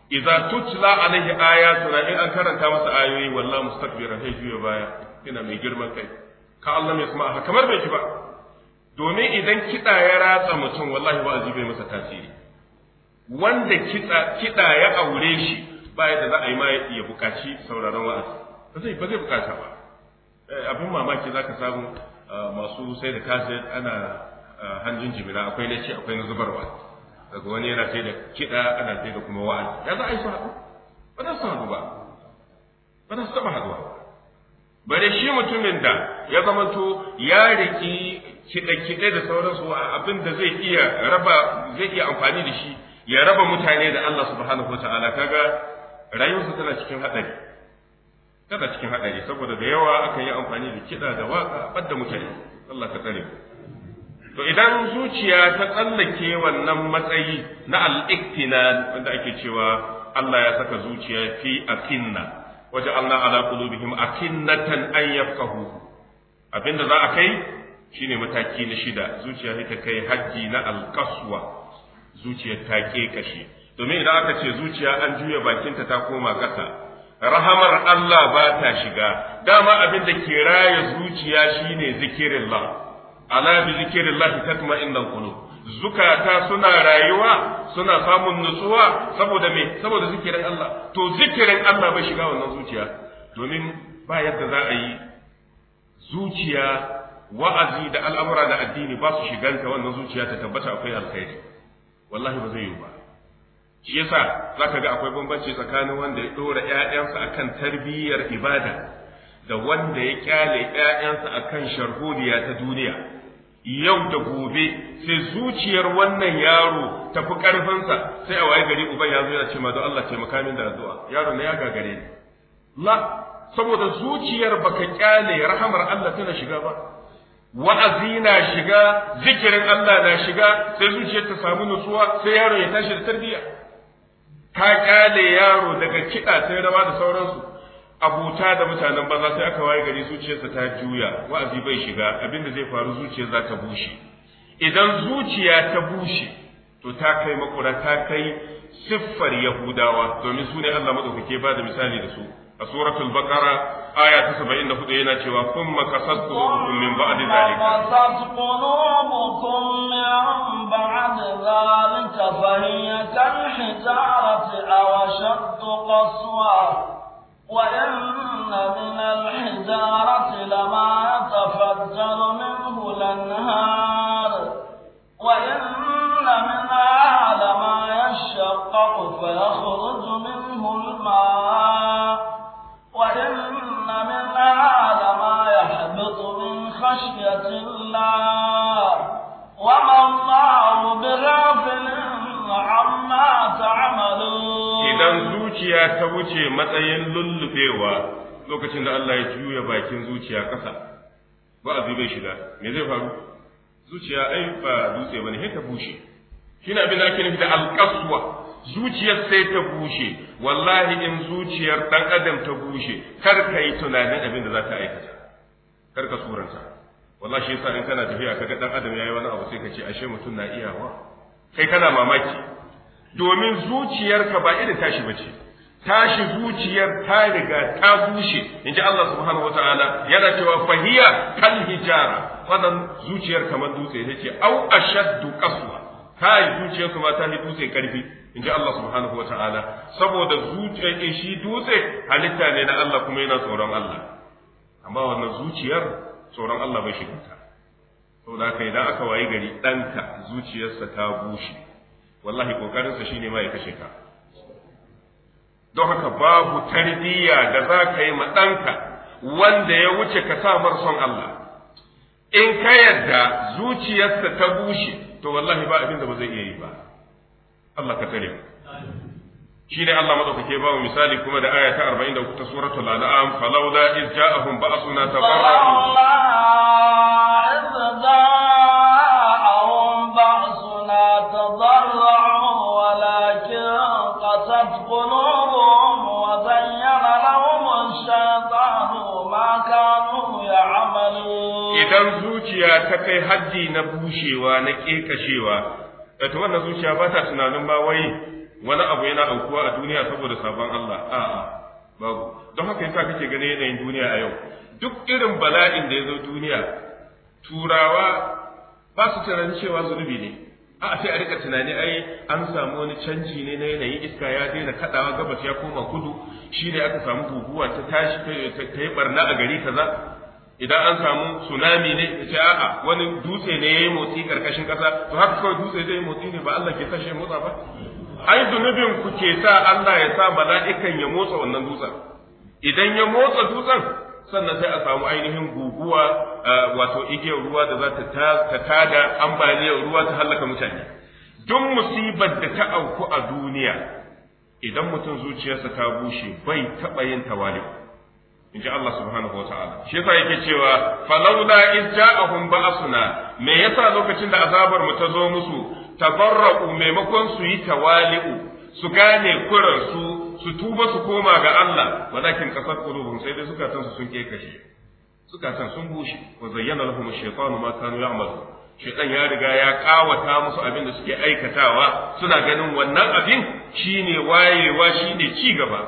idza tutla alaihi ayatuna in an karanta masa ayoyi wallahi mustakbira sai juya baya Ina mai girman kai ka Allah mai kuma haka kamar bai ki ba domin idan kiɗa ya ratsa mutum wallahi wa'azi bai masa tasiri wanda kiɗa ya aure shi ba yadda za a yi ma ya bukaci sauraron wa'azi ba zai ba zai bukata ba abin mamaki zaka samu masu sai da kaset ana hanjin jimina akwai na ce akwai na zubarwa daga wani yana sai da kiɗa ana sai da kuma wa'azi ya za a yi su haɗu ba za su haɗu ba ba za su taɓa haɗuwa bare shi mutumin da ya to ya riki kiɗe-kiɗe da sauransu a abin da zai iya raba zai iya amfani da shi ya raba mutane da Allah subhanahu wa ta'ala kaga rayuwarsa tana cikin haɗari tana cikin haɗari saboda da yawa akan yi amfani da kiɗa da waƙa ɓadda mutane Allah ka tsare mu to idan zuciya ta tsallake wannan matsayi na al-iktina wanda ake cewa Allah ya saka zuciya fi akinna waje Allah ala qulubihim akinnatan an yafqahu abinda za a kai shine mataki na shida zuciya ta kai haji na al zuciya ta kekashe domin idan aka ce zuciya an juya bakinta ta koma ƙasa rahamar Allah ba ta shiga dama abinda da ke raya zuciya shine zikirin ala bi zikrillah tatma'innul qulub zukata suna rayuwa suna samun nutsuwa saboda me saboda zikirin Allah to zikirin Allah bai shiga wannan zuciya domin ba yadda za a yi zuciya wa'azi da al'amura da addini ba su shiganta wannan zuciya ta tabbata akwai alkhairi wallahi ba zai yi ba shi yasa zaka ga akwai bambanci tsakanin wanda ya dora ƴaƴansa akan tarbiyyar ibada da wanda ya kyale ƴaƴansa akan sharholiya ta duniya yau da gobe sai zuciyar wannan yaro tafi karfinsa sai a waye gari uban ya zo yana ce ma don Allah ce makamin da zuwa yaro na ya gagare ni la saboda zuciyar baka kyale rahamar Allah tana shiga ba wa'azi na shiga zikirin Allah na shiga sai zuciyar ta samu nutsuwa sai yaro ya tashi da tarbiyya ka kyale yaro daga kiɗa sai rawa da sauransu abuta da mutanen banza sai aka waye gari zuciyarsa ta juya wa'azi bai shiga abin da zai faru zuciyar za ta bushe idan zuciya ta bushe to ta kai makura ta kai siffar yahudawa domin su ne Allah madaukake ba da misali da su a suratul baqara aya ta 74 yana cewa kun kasat qulubukum min ba'di zalika min ba'di zalika fa hiya aw qaswa وإن من الحجارة لما يتفجر منه الأنهار وإن منها لما يشقق فيخرج منه الماء وإن منها لما يحبط من خشية الله وما الله zuciya ta wuce matsayin lullubewa lokacin da Allah ya juya bakin zuciya ƙasa ba a shi shiga me zai faru zuciya ai ba dutse bane sai ta bushe kina abin da ake nufi da alƙaswa zuciyar sai ta bushe wallahi in zuciyar dan adam ta bushe kar ka yi tunanin abin da za ta aikata kar ka suranta wallahi shi yasa in kana tafiya kaga dan adam yayi wani abu sai ka ce ashe mutum na iyawa kai kana mamaki domin zuciyarka ba irin tashi bace tashi zuciyar ta riga ta bushe in ji Allah subhanahu wa ta'ala yana cewa fahiya kan hijara wannan zuciyar kamar dutse ce au ashaddu qaswa kai zuciyar kuma ta dutse karfi in ji Allah subhanahu wa ta'ala saboda zuciyar eh, shi dutse halitta ne na Allah kuma yana tsoron Allah amma wannan zuciyar tsoron Allah bai shiga ta da haka idan aka wayi gari ɗanka zuciyarsa ta bushe wallahi kokarinsa shine ma ya kashe ka don haka babu tarbiyya da za ka yi maɗanka ɗanka wanda ya wuce ka sa son Allah in ka yadda zuciyarsa ta bushe to wallahi ba abin da ba zai iya yi ba Allah ka tare shi ne Allah madaukake ba mu misali kuma da aya ta a ta suratul al'am falawla iz ja'ahum ba'suna tabarra'u iz ja'ahum ba'suna tabarra'u قست zuciya ta kai haddi na bushewa يعملون إذا زوجيا na wannan zuciya ba ta tunanin ba wai wani abu yana aukuwa a duniya saboda sabon Allah a'a babu don haka yasa kake gani yanayin duniya a yau duk irin bala'in da ya zo duniya turawa ba su tunanin cewa zunubi ne a sai a rika tunani ai an samu wani canji ne na yanayin iska ya daina kadawa gabas ya koma kudu shi ne aka samu guguwa ta tashi ta yi barna a gari kaza idan an samu tsunami ne ce a'a wani dutse ne ya yi motsi karkashin kasa to haka kawai dutse zai motsi ne ba Allah ke sashe motsa ba ai zunubin ku ke sa Allah ya sa ikan ya motsa wannan dutsen idan ya motsa dutsen sannan sai a samu ainihin guguwa wato igiyar ruwa da za ta tada ambaliyar ruwa ta hallaka mutane duk musibar da ta auku a duniya idan mutum zuciyarsa ta bushe bai taɓa yin tawali in ji Allah subhanahu wa ta'ala shi yasa yake cewa falaula in ja'ahum ba'asuna me yasa lokacin da azabar mu ta zo musu tabarra'u maimakon su yi tawali'u su gane kuransu su tuba su koma ga Allah walakin kasar qulubuhum sai dai zukatan su sun suka san sun bushe wa zayyana lahum ash-shaytanu ma kanu ya'malu shaytan ya riga ya kawata musu abin da suke aikatawa suna ganin wannan abin shine wayewa shine ci gaba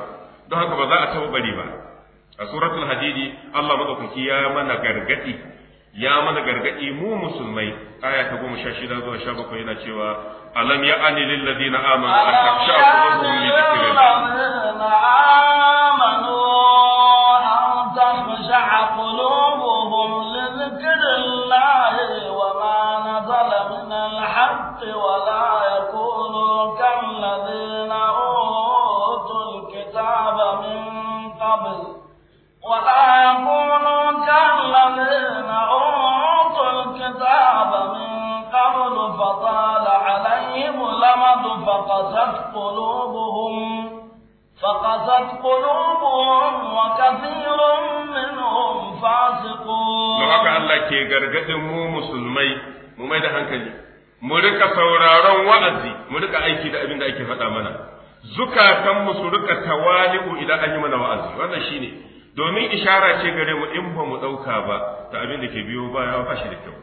don haka ba za a tabbari ba a suratul hadidi Allah madaukaki ya mana gargadi ya mana gargadi mu musulmai aya ta goma sha shida zuwa sha bakwai yana cewa alam ya ani lil ladina amanu an taksha qulubuhum li dhikrillah آمنوا فقست قلوبهم فقست قلوبهم وكثير منهم فاسقون لو هكا الله مو مسلمي مو mu rika sauraron wa'azi mu rika aiki da abin da ake faɗa mana zukatanmu su rika tawali'u idan an yi mana wa'azi wannan shine domin ishara ce gare mu in ba mu ɗauka ba ta abin da ke biyo baya ba shi da kyau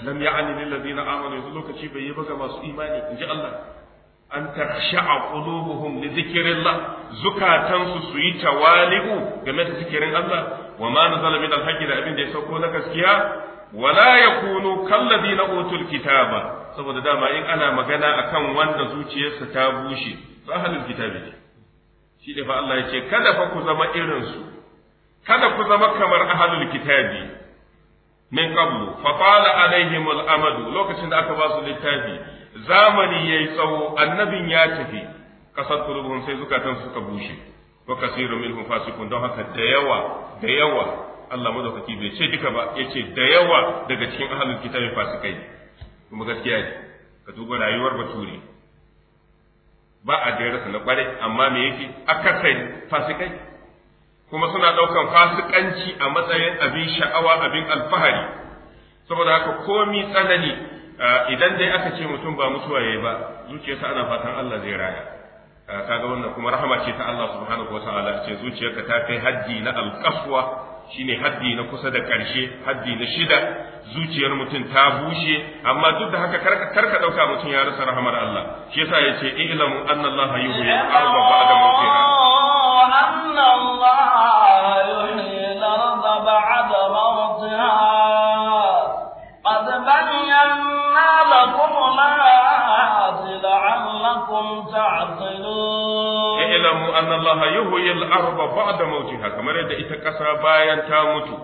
alam ya'ani lil ladina amanu yanzu lokaci bai yi ba ga masu imani inji Allah an takhsha'a qulubuhum li dhikrillah zukatansu su yi tawali'u game da zikirin Allah wa ma nazala min al da abin da ya sauko na gaskiya wala yakunu kal ladina utul kitaba saboda dama in ana magana akan wanda zuciyarsa ta bushe to ahlul kitabi ne shi da fa Allah ya kada fa ku zama irin su kada ku zama kamar ahlul kitabi min qablu fa qala alaihim al-amad lokacin da aka ba su littafi zamani yayi tsawo annabin ya tafi kasar qulubuhum sai zukatan suka bushe wa kasiru minhum fasikun don haka da yawa da yawa Allah madaukaki bai ce duka ba yace da yawa daga cikin ahlul kitabi fasikai kuma gaskiya ne ka duba rayuwar bature ba a da na kware. amma me yake akasai fasikai kuma suna ɗaukan fasikanci a matsayin abin sha'awa abin alfahari saboda haka komi tsanani idan dai aka ce mutum ba mutuwa yayi ba zuciyarsa ana fatan Allah zai raya kaga wannan kuma rahama ce ta Allah subhanahu wataala ce zuciyarka ta kai haddi na alqaswa shine haddi na kusa da karshe haddi na shida zuciyar mutum ta bushe amma duk da haka karka dauka mutum ya rasa rahamar Allah shi yasa yace ilamu anna Allah yuhyi al-ardha ba'da mawtiha Allah yuhyi al-arba ba'da mawtiha kamar yadda ita ƙasa bayan ta mutu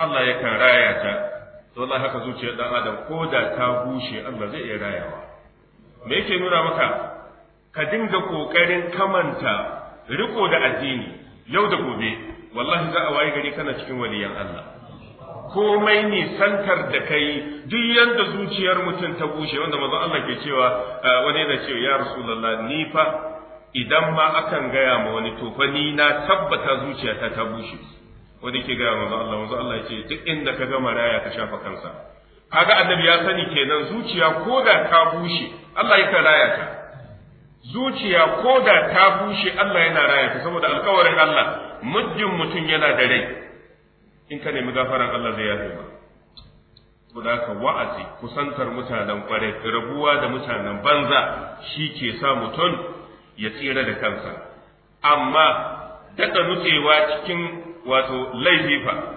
Allah yakan raya ta to Allah haka zuciyar dan adam ko da ta bushe Allah zai iya rayawa me yake nuna maka ka dinga kokarin kamanta riko da addini yau da gobe wallahi za a waye gari kana cikin waliyan Allah komai ne santar da kai duk yanda zuciyar mutum ta bushe wanda manzon Allah ke cewa ah, wani yana cewa ya rasulullah ni fa idan ma akan gaya ma wani to fa ni na tabbata zuciyata ta bushe Wani ke gaya manzon Allah manzon Allah ya ce duk inda ka ga maraya ka shafa kansa kaga annabi ya sani kenan zuciya ko da ka bushe Allah ya raya ta zuciya ko da ta bushe Allah yana raya ta saboda alkawarin Allah muddin mutum yana da rai in ka nemi gafaran Allah zai yafe ma saboda ka wa'azi kusantar mutanen kware rabuwa da mutanen banza shi ke sa mutum ya tsira da kansa amma daɗa nutsewa cikin wato laifi fa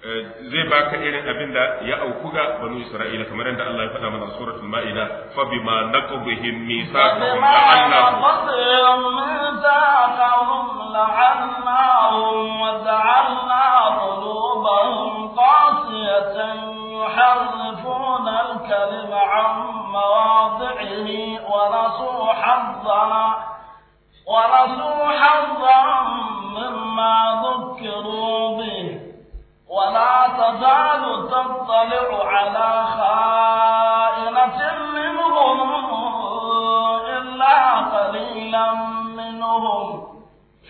zai baka irin abin da ya auku ga banu Isra'ila kamar yadda Allah ya faɗa mana suratul Ma'ida fa bima naqbihim mithaqahum la'annahum mithaqahum la'annahum wa ja'alna qulubahum qasiyatan yuharrifuna al-kalima 'an mawadi'ihi wa nasu hazzana wa nasu hazzan ولا تزال تطلع على خائنة منهم إلا قليلا منهم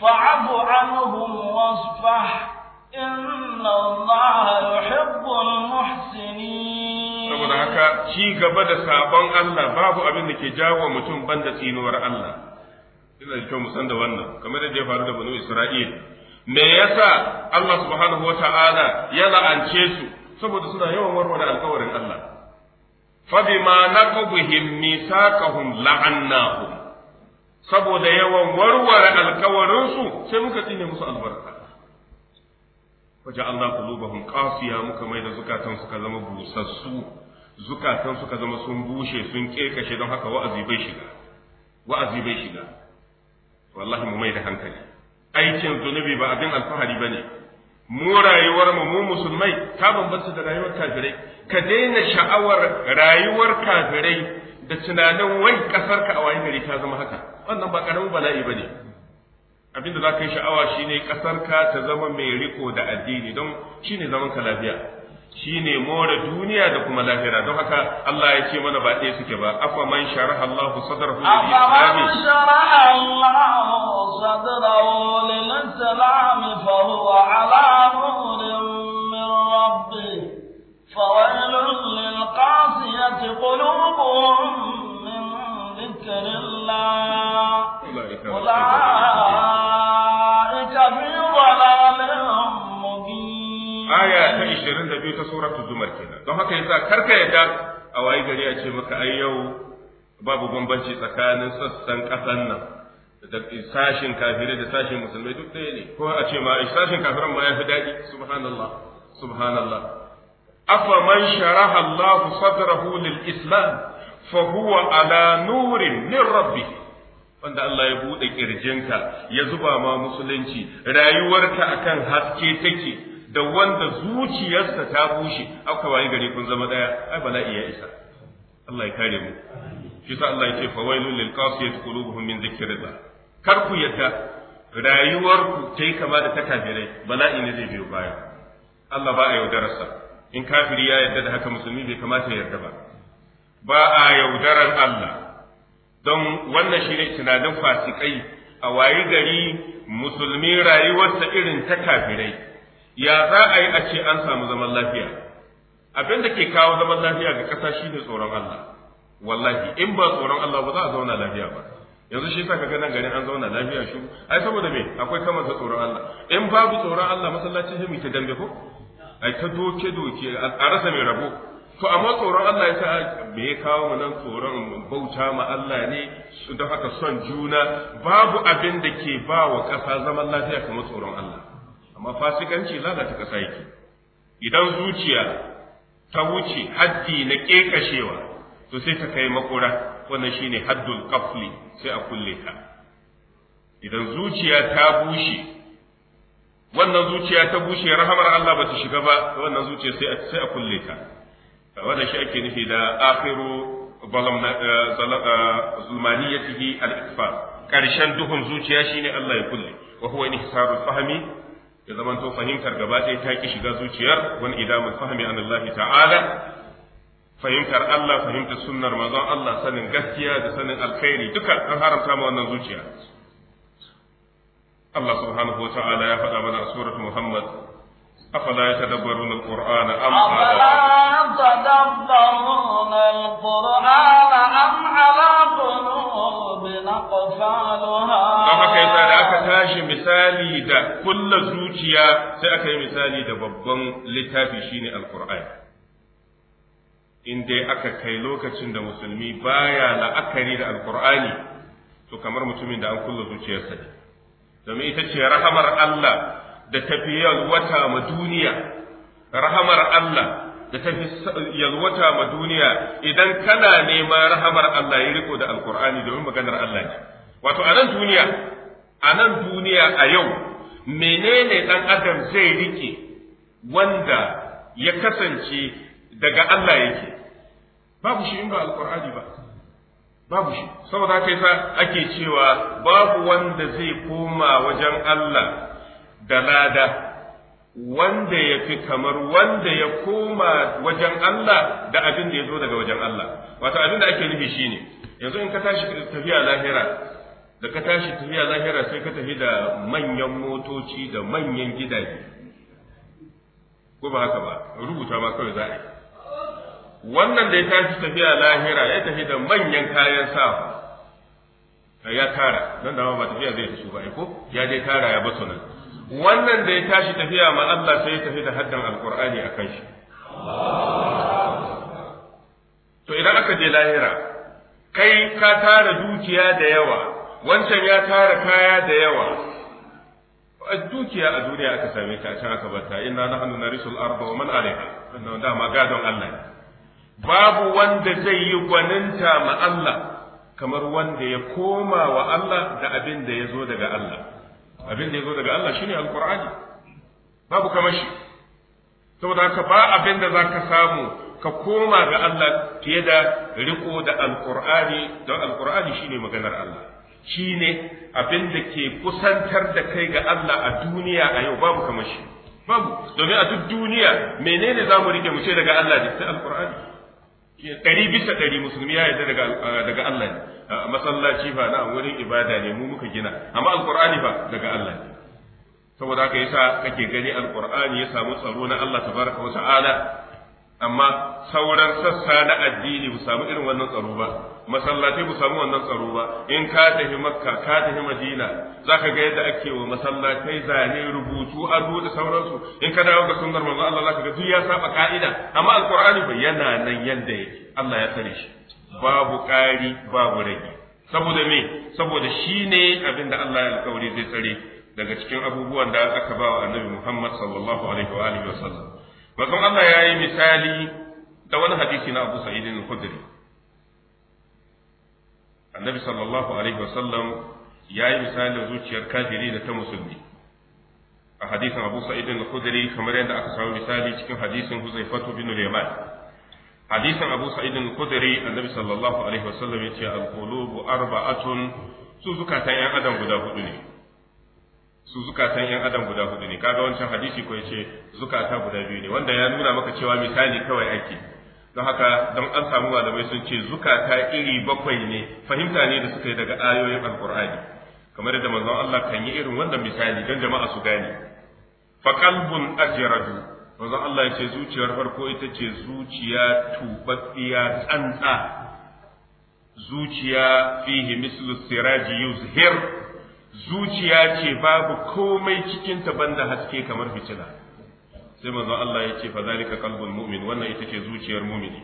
فاعف عنهم واصفح إن الله يحب المحسنين saboda haka ci gaba da sabon Allah babu abin da ke jawo mutum banda tsinuwar Allah ina da kyau mu san da wannan kamar da ya faru da banu Isra'ila me yasa Allah subhanahu wa ta'ala ya la'ance su saboda suna yawan warware alkawarin Allah fabima naqbuhum misaqahum la'annahum saboda yawan warware alƙawarin su sai muka tsine musu albarka Wajen Allah qulubahum qasiya muka mai da zukatan suka zama busassu zukatan suka zama sun bushe sun kekashe don haka wa'azi bai shiga wa'azi bai shiga wallahi mu mai da hankali aikin zunubi ba abin alfahari ba ne mu rayuwar mu musulmai ta bambanta da rayuwar kafirai ka daina sha'awar rayuwar kafirai da tunanin wai kasar ka a wayin gari ta zama haka wannan ba karamin bala'i ba ne abin da za ka yi sha'awa shine kasar ka ta zama mai riko da addini don shine zaman ka lafiya Shi ne more duniya da kuma lahira don haka Allah ya ce mana ba ɗaya suke ba afa man sharaha Allahu, sadrahu lil islam afa man sharaha Allah sadrahu lil islam fa huwa ala nurin min rabbi fawailun lil qasiyati qulubuhum min dhikrillah ulaika aya ta 22 ta suratul zumar kenan don haka yasa karka yadda a wayi gari a maka ai babu bambanci tsakanin sassan ƙasan nan da sashin kafirai da sashin musulmai duk ɗaya ne ko a ce ma sashin kafiran ma ya fi daɗi subhanallah subhanallah afa man Allah islam fa huwa min rabbih wanda Allah ya buɗe ƙirjinka ya zuba ma musulunci rayuwarka akan haske take da wanda zuciyarsa ta bushe aka wayi gari kun zama daya ai bala'i ya isa Allah ya kare mu shi sa Allah ya ce fa wailul lil qasiyati qulubuhum min dhikrillah kar ku yadda rayuwarku ta yi kama da ta kafirai bala'i ne zai biyo baya Allah ba a yaudararsa in kafiri ya yarda da haka musulmi bai kamata ya yarda ba ba a yaudarar Allah don wannan shi ne tunanin fasikai a wayi gari musulmi rayuwarsa irin ta kafirai ya za a yi a ce an samu zaman lafiya abin da ke kawo zaman lafiya ga ƙasa shine tsoron Allah wallahi in ba tsoron Allah ba za a zauna lafiya ba yanzu shi sa ga nan garin an zauna lafiya shi ai saboda me akwai kamar ta tsoron Allah in babu tsoron Allah masallacin shi muke ta dambe ko ai ta doke doke a rasa mai rabo to amma tsoron Allah ya sa me ya kawo mu nan tsoron bauta ma Allah ne don haka son juna babu abin da ke ba wa ƙasa zaman lafiya kamar tsoron Allah amma fasikanci lalata ƙasa yake idan zuciya ta wuce haddi na ƙeƙashewa to sai ta kai makura wannan shine haddul kafli sai a kulle ta idan zuciya ta bushe wannan zuciya ta bushe rahamar Allah ba ta shiga ba wannan zuciya sai a kulle ta wannan shi ake nufi da akhiru eh, eh, zulmaniyatihi al-ikfar karshen duhun zuciya shine Allah ya kulle wa huwa inhisarul fahmi ya zama to fahimtar gaba ɗaya ta ki shiga zuciyar wani idamul fahmi an Allah ta'ala fahimtar Allah fahimtar sunnar manzon Allah sanin gaskiya da sanin alkhairi duka an haramta ma wannan zuciya Allah subhanahu wa ta'ala ya faɗa mana a surat Muhammad أفلا يتدبرون القرآن أم على يتدبرون القرآن أم على قلوب نقفالها haka yasa da aka tashi misali da kulla zuciya sai aka yi misali da babban littafi shine alqur'ani in dai aka kai lokacin da musulmi baya la'akari da alqur'ani to kamar mutumin da an kulla zuciyarsa ne domin ita ce rahamar Allah da tafiyar wata ma duniya rahamar Allah da ta fi yalwata ma duniya idan kana nema rahamar Allah ya riko da alkur'ani domin maganar Allah ne wato a nan duniya a nan duniya a yau menene dan adam zai rike wanda ya kasance daga Allah yake babu shi in ba alkur'ani ba babu shi saboda haka yasa ake cewa babu wanda zai koma wajen Allah da lada wanda ya fi kamar wanda ya koma wajen Allah da abin da ya zo daga wajen Allah wato abin da ake nufi shine yanzu in ka tashi tafiya lahira da ka tashi tafiya lahira sai ka tafi da manyan motoci da manyan gidaje ko ba haka ba rubuta ma kawai za a yi wannan da ya tashi tafiya lahira ya tafi da manyan kayan sawa ya tara Nan da ba tafiya zai tafi ba ko ya dai tara ya basu nan wannan da ya tashi tafiya ma Allah sai ya tafi da haddan alkur'ani a kan shi to idan aka je lahira kai ka tara dukiya da yawa wancan ya tara kaya da yawa dukiya a duniya aka same ta a can aka bata inna nahnu narisul arda wa man alaiha wannan dama gadon Allah babu wanda zai yi gwaninta ma Allah kamar wanda ya koma wa Allah da abin da ya zo daga Allah abin da ya zo daga Allah shine alqur'ani babu kamar shi saboda haka ba abin da za ka samu ka koma ga Allah fiye da riko da alqur'ani don alqur'ani shine maganar Allah shine abin da ke kusantar da kai ga Allah a duniya a yau babu kamar shi babu domin a duk duniya menene zamu mu rike mu ce daga Allah da alqur'ani ɗari bisa ɗari musulmi ya yarda daga ah, Allah ne ah, masallaci fa na wurin ibada ne mu muka gina amma alqur'ani fa daga Allah ne saboda haka yasa kake gani alqur'ani ya samu tsaro na Allah tabaraka wa ta'ala amma sauran sassa na addini bu samu irin wannan tsaro ba masallatai bu samu wannan tsaro ba in ka tafi makka ka tafi madina za ga yadda ake wa masallatai zane rubutu a da sauransu in ka dawo ga sunnar manzo Allah zaka ga duk ya saba ka'ida amma alqur'ani ba yana nan yadda yake Allah ya tsare shi babu ƙari babu rage saboda me saboda shine abinda Allah ya alƙawari zai tsare daga cikin abubuwan da aka ba wa annabi Muhammad sallallahu alaihi wa alihi wa Mazan Allah ya yi misali da wani hadisi na Abu Sa'id al-Khudri. Annabi sallallahu alaihi wasallam ya yi misali da zuciyar kafiri da ta musulmi. A hadisin Abu Sa'id al-Khudri kamar yadda aka samu misali cikin hadisin Huzaifatu bin Yaman. Hadisin Abu Sa'id al-Khudri Annabi sallallahu alaihi wasallam ya ce al-qulubu arba'atun su zukatan 'yan adam guda hudu ne. su zukatan yan adam guda hudu ne kaga wancan hadisi ko yace zukata guda biyu ne wanda ya nuna maka cewa misali kawai ake don haka don an samu malamai sun ce zukata iri bakwai ne fahimta ne da suka yi daga ayoyin alqur'ani kamar yadda manzon Allah kan yi irin wannan misali don jama'a su gane fa qalbun ajradu manzon Allah yace zuciyar farko ita ce zuciya tubabbiya tsantsa zuciya fihi mislu siraji yuzhir zuciya ce babu komai cikinta banda haske kamar fitila sai manzon Allah ya ce fa zalika qalbul mu'min wannan ita ce zuciyar mu'mini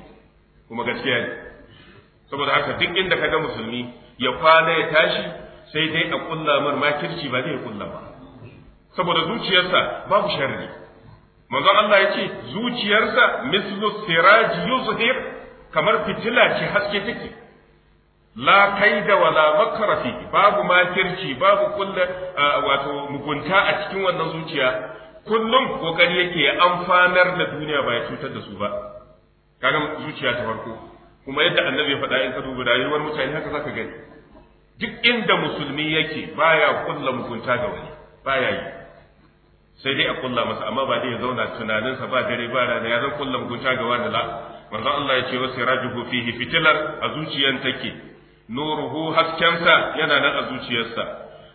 kuma gaskiya ne saboda haka duk inda ka ga musulmi ya kwana ya tashi sai dai a kulla mar makirci ba zai kulla ba saboda zuciyarsa babu sharri manzon Allah ya ce zuciyarsa mislu siraji yuzhir kamar fitila ce haske take la kaida wala makara fi babu makirci babu kulla wato mugunta a cikin wannan zuciya kullum kokari yake ya amfanar da duniya ba ya cutar da su ba kaga zuciya ta farko kuma yadda annabi ya faɗa in ka duba rayuwar mutane haka zaka gani duk inda musulmi yake baya kulla mugunta ga wani baya yi sai dai a kulla masa amma ba dai ya zauna tunaninsa ba dare ba rana ya zan kulla mugunta ga wani la manzon Allah ya ce wasu rajuhu fihi fitilar a zuciyan take nuruhu haskensa yana nan a zuciyarsa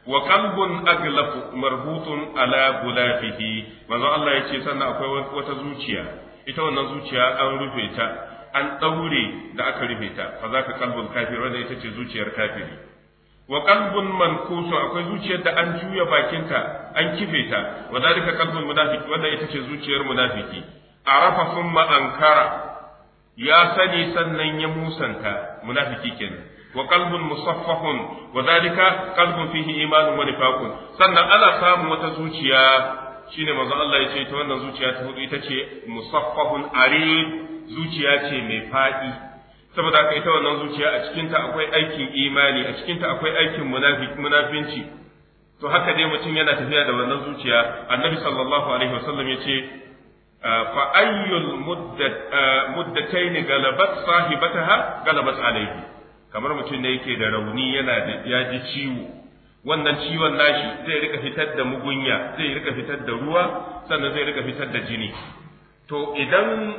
wa qalbun aglafu marbutun ala gulafihi manzo Allah yace sannan akwai wata zuciya ita wannan zuciya an rufe ta an daure da aka rufe ta fa zaka qalbul kafir wanda ita ce zuciyar kafiri wa qalbun mankusu akwai zuciyar da an juya ta an kife ta wa zalika qalbul munafiki wanda ita ce zuciyar munafiki arafa thumma ankara ya sani sannan ya musanta munafiki kenan wa qalbun musaffahun wa zalika qalbun fihi imanun wa nifaqun sannan ana samun wata zuciya shine manzo Allah yace ta wannan zuciya ta hudu ita ce zuciya ce mai faɗi. saboda haka ita wannan zuciya a cikinta akwai aikin imani a cikinta akwai aikin munafinci to haka dai mutum yana tafiya da wannan zuciya annabi sallallahu alaihi wasallam ya ce ah, fa ayyul ah, muddatayn galabat sahibataha galabat alayhi kamar mutum da yake da rauni yana da ya ji ciwo wannan ciwon nashi zai rika fitar da mugunya zai rika fitar da ruwa sannan zai rika fitar da jini to idan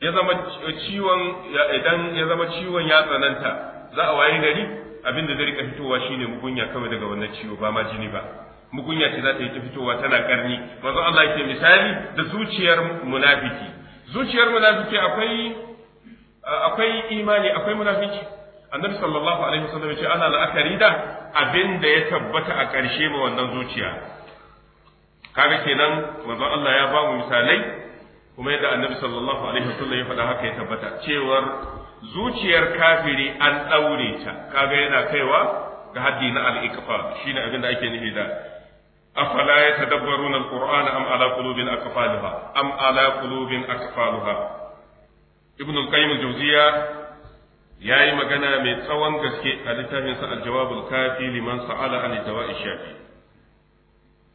ya zama ciwon idan ya zama ciwon ya tsananta za a waye gari abin da zai rika fitowa shine mugunya kawai daga wannan ciwo ba ma jini ba mugunya ce za ta yi ta fitowa tana karni manzo Allah yake misali da zuciyar munafiki zuciyar munafiki akwai akwai imani akwai munafiki annabi sallallahu alaihi wasallam ya ce ana la'akari da abin da ya tabbata a ƙarshe ma wannan zuciya kaga kenan manzon Allah ya ba mu misalai kuma yadda annabi sallallahu alaihi wasallam ya faɗa haka ya tabbata cewar zuciyar kafiri an ɗaure ta kaga yana kaiwa ga haddi na al-iqfa shine abin da ake nufi da afala yatadabbaruna al-qur'ana am ala qulubin aqfalha am ala qulubin aqfalha ibn al-qayyim al ya yi magana mai tsawon gaske a littafinsa aljawabul kafi liman sa'ala an dawa'i shafi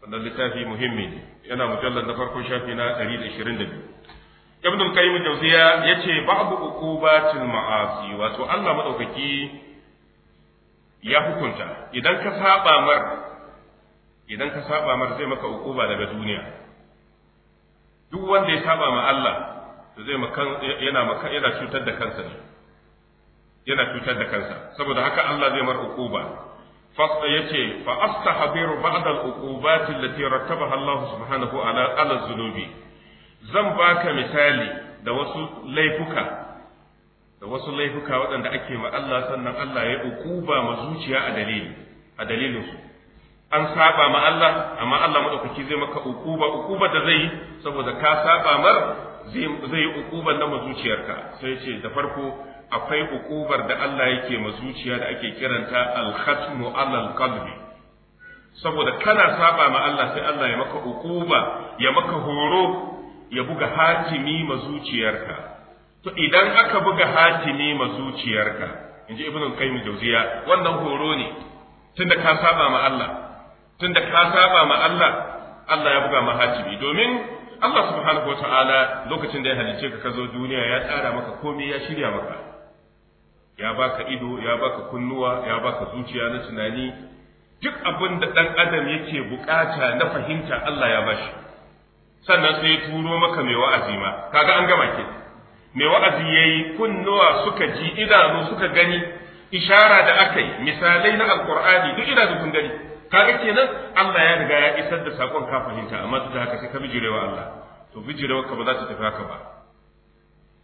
wannan littafi muhimmi ne yana mujallar na farkon shafi na 122 ibn al-qayyim jawziya yace babu uqubatil ma'asi wato Allah madaukaki ya hukunta idan ka saba mar idan ka saba mar zai maka uquba daga duniya duk wanda ya saba ma Allah to zai yana yana cutar da kansa ne yana cutar da kansa saboda haka Allah zai mar uquba fasta yace fa astahbiru ba'd al uqubati allati rattabaha Allah subhanahu ala ala zunubi zan baka misali da wasu laifuka da wasu laifuka waɗanda ake ma Allah sannan Allah ya uquba ma zuciya a dalili a dalilin su an saba ma Allah amma Allah madaukaki zai maka uquba uquba da zai saboda ka saba mar zai yi uquban na zuciyarka sai ce da farko akwai ukubar da Allah yake ma zuciya da ake kiranta al-khatmu alal qalbi saboda kana saba ma Allah sai Allah ya maka ukuba ya maka horo ya buga hatimi ma zuciyarka to idan aka buga hatimi ma zuciyarka inji ibnu qayyim jawziya wannan horo ne tunda ka saba ma Allah tunda ka saba ma Allah Allah ya buga ma hatimi domin Allah subhanahu wa ta'ala lokacin da ya halice ka ka zo duniya ya tsara maka komai ya shirya maka ya baka ido ya baka kunnuwa ya baka zuciya na tunani duk abin da ɗan adam yake bukata na fahimta Allah ya bashi sannan sai ya turo maka mai wa'azi ma kaga an gama ke mai wa'azi yayi kunnuwa suka ji idanu suka gani ishara da aka yi misalai na alqur'ani duk idanu kun gani kaga kenan Allah ya riga ya isar da sakon ka fahimta amma duk da haka sai ka bijirewa Allah to bijirewa ka ba za ta tafi haka ba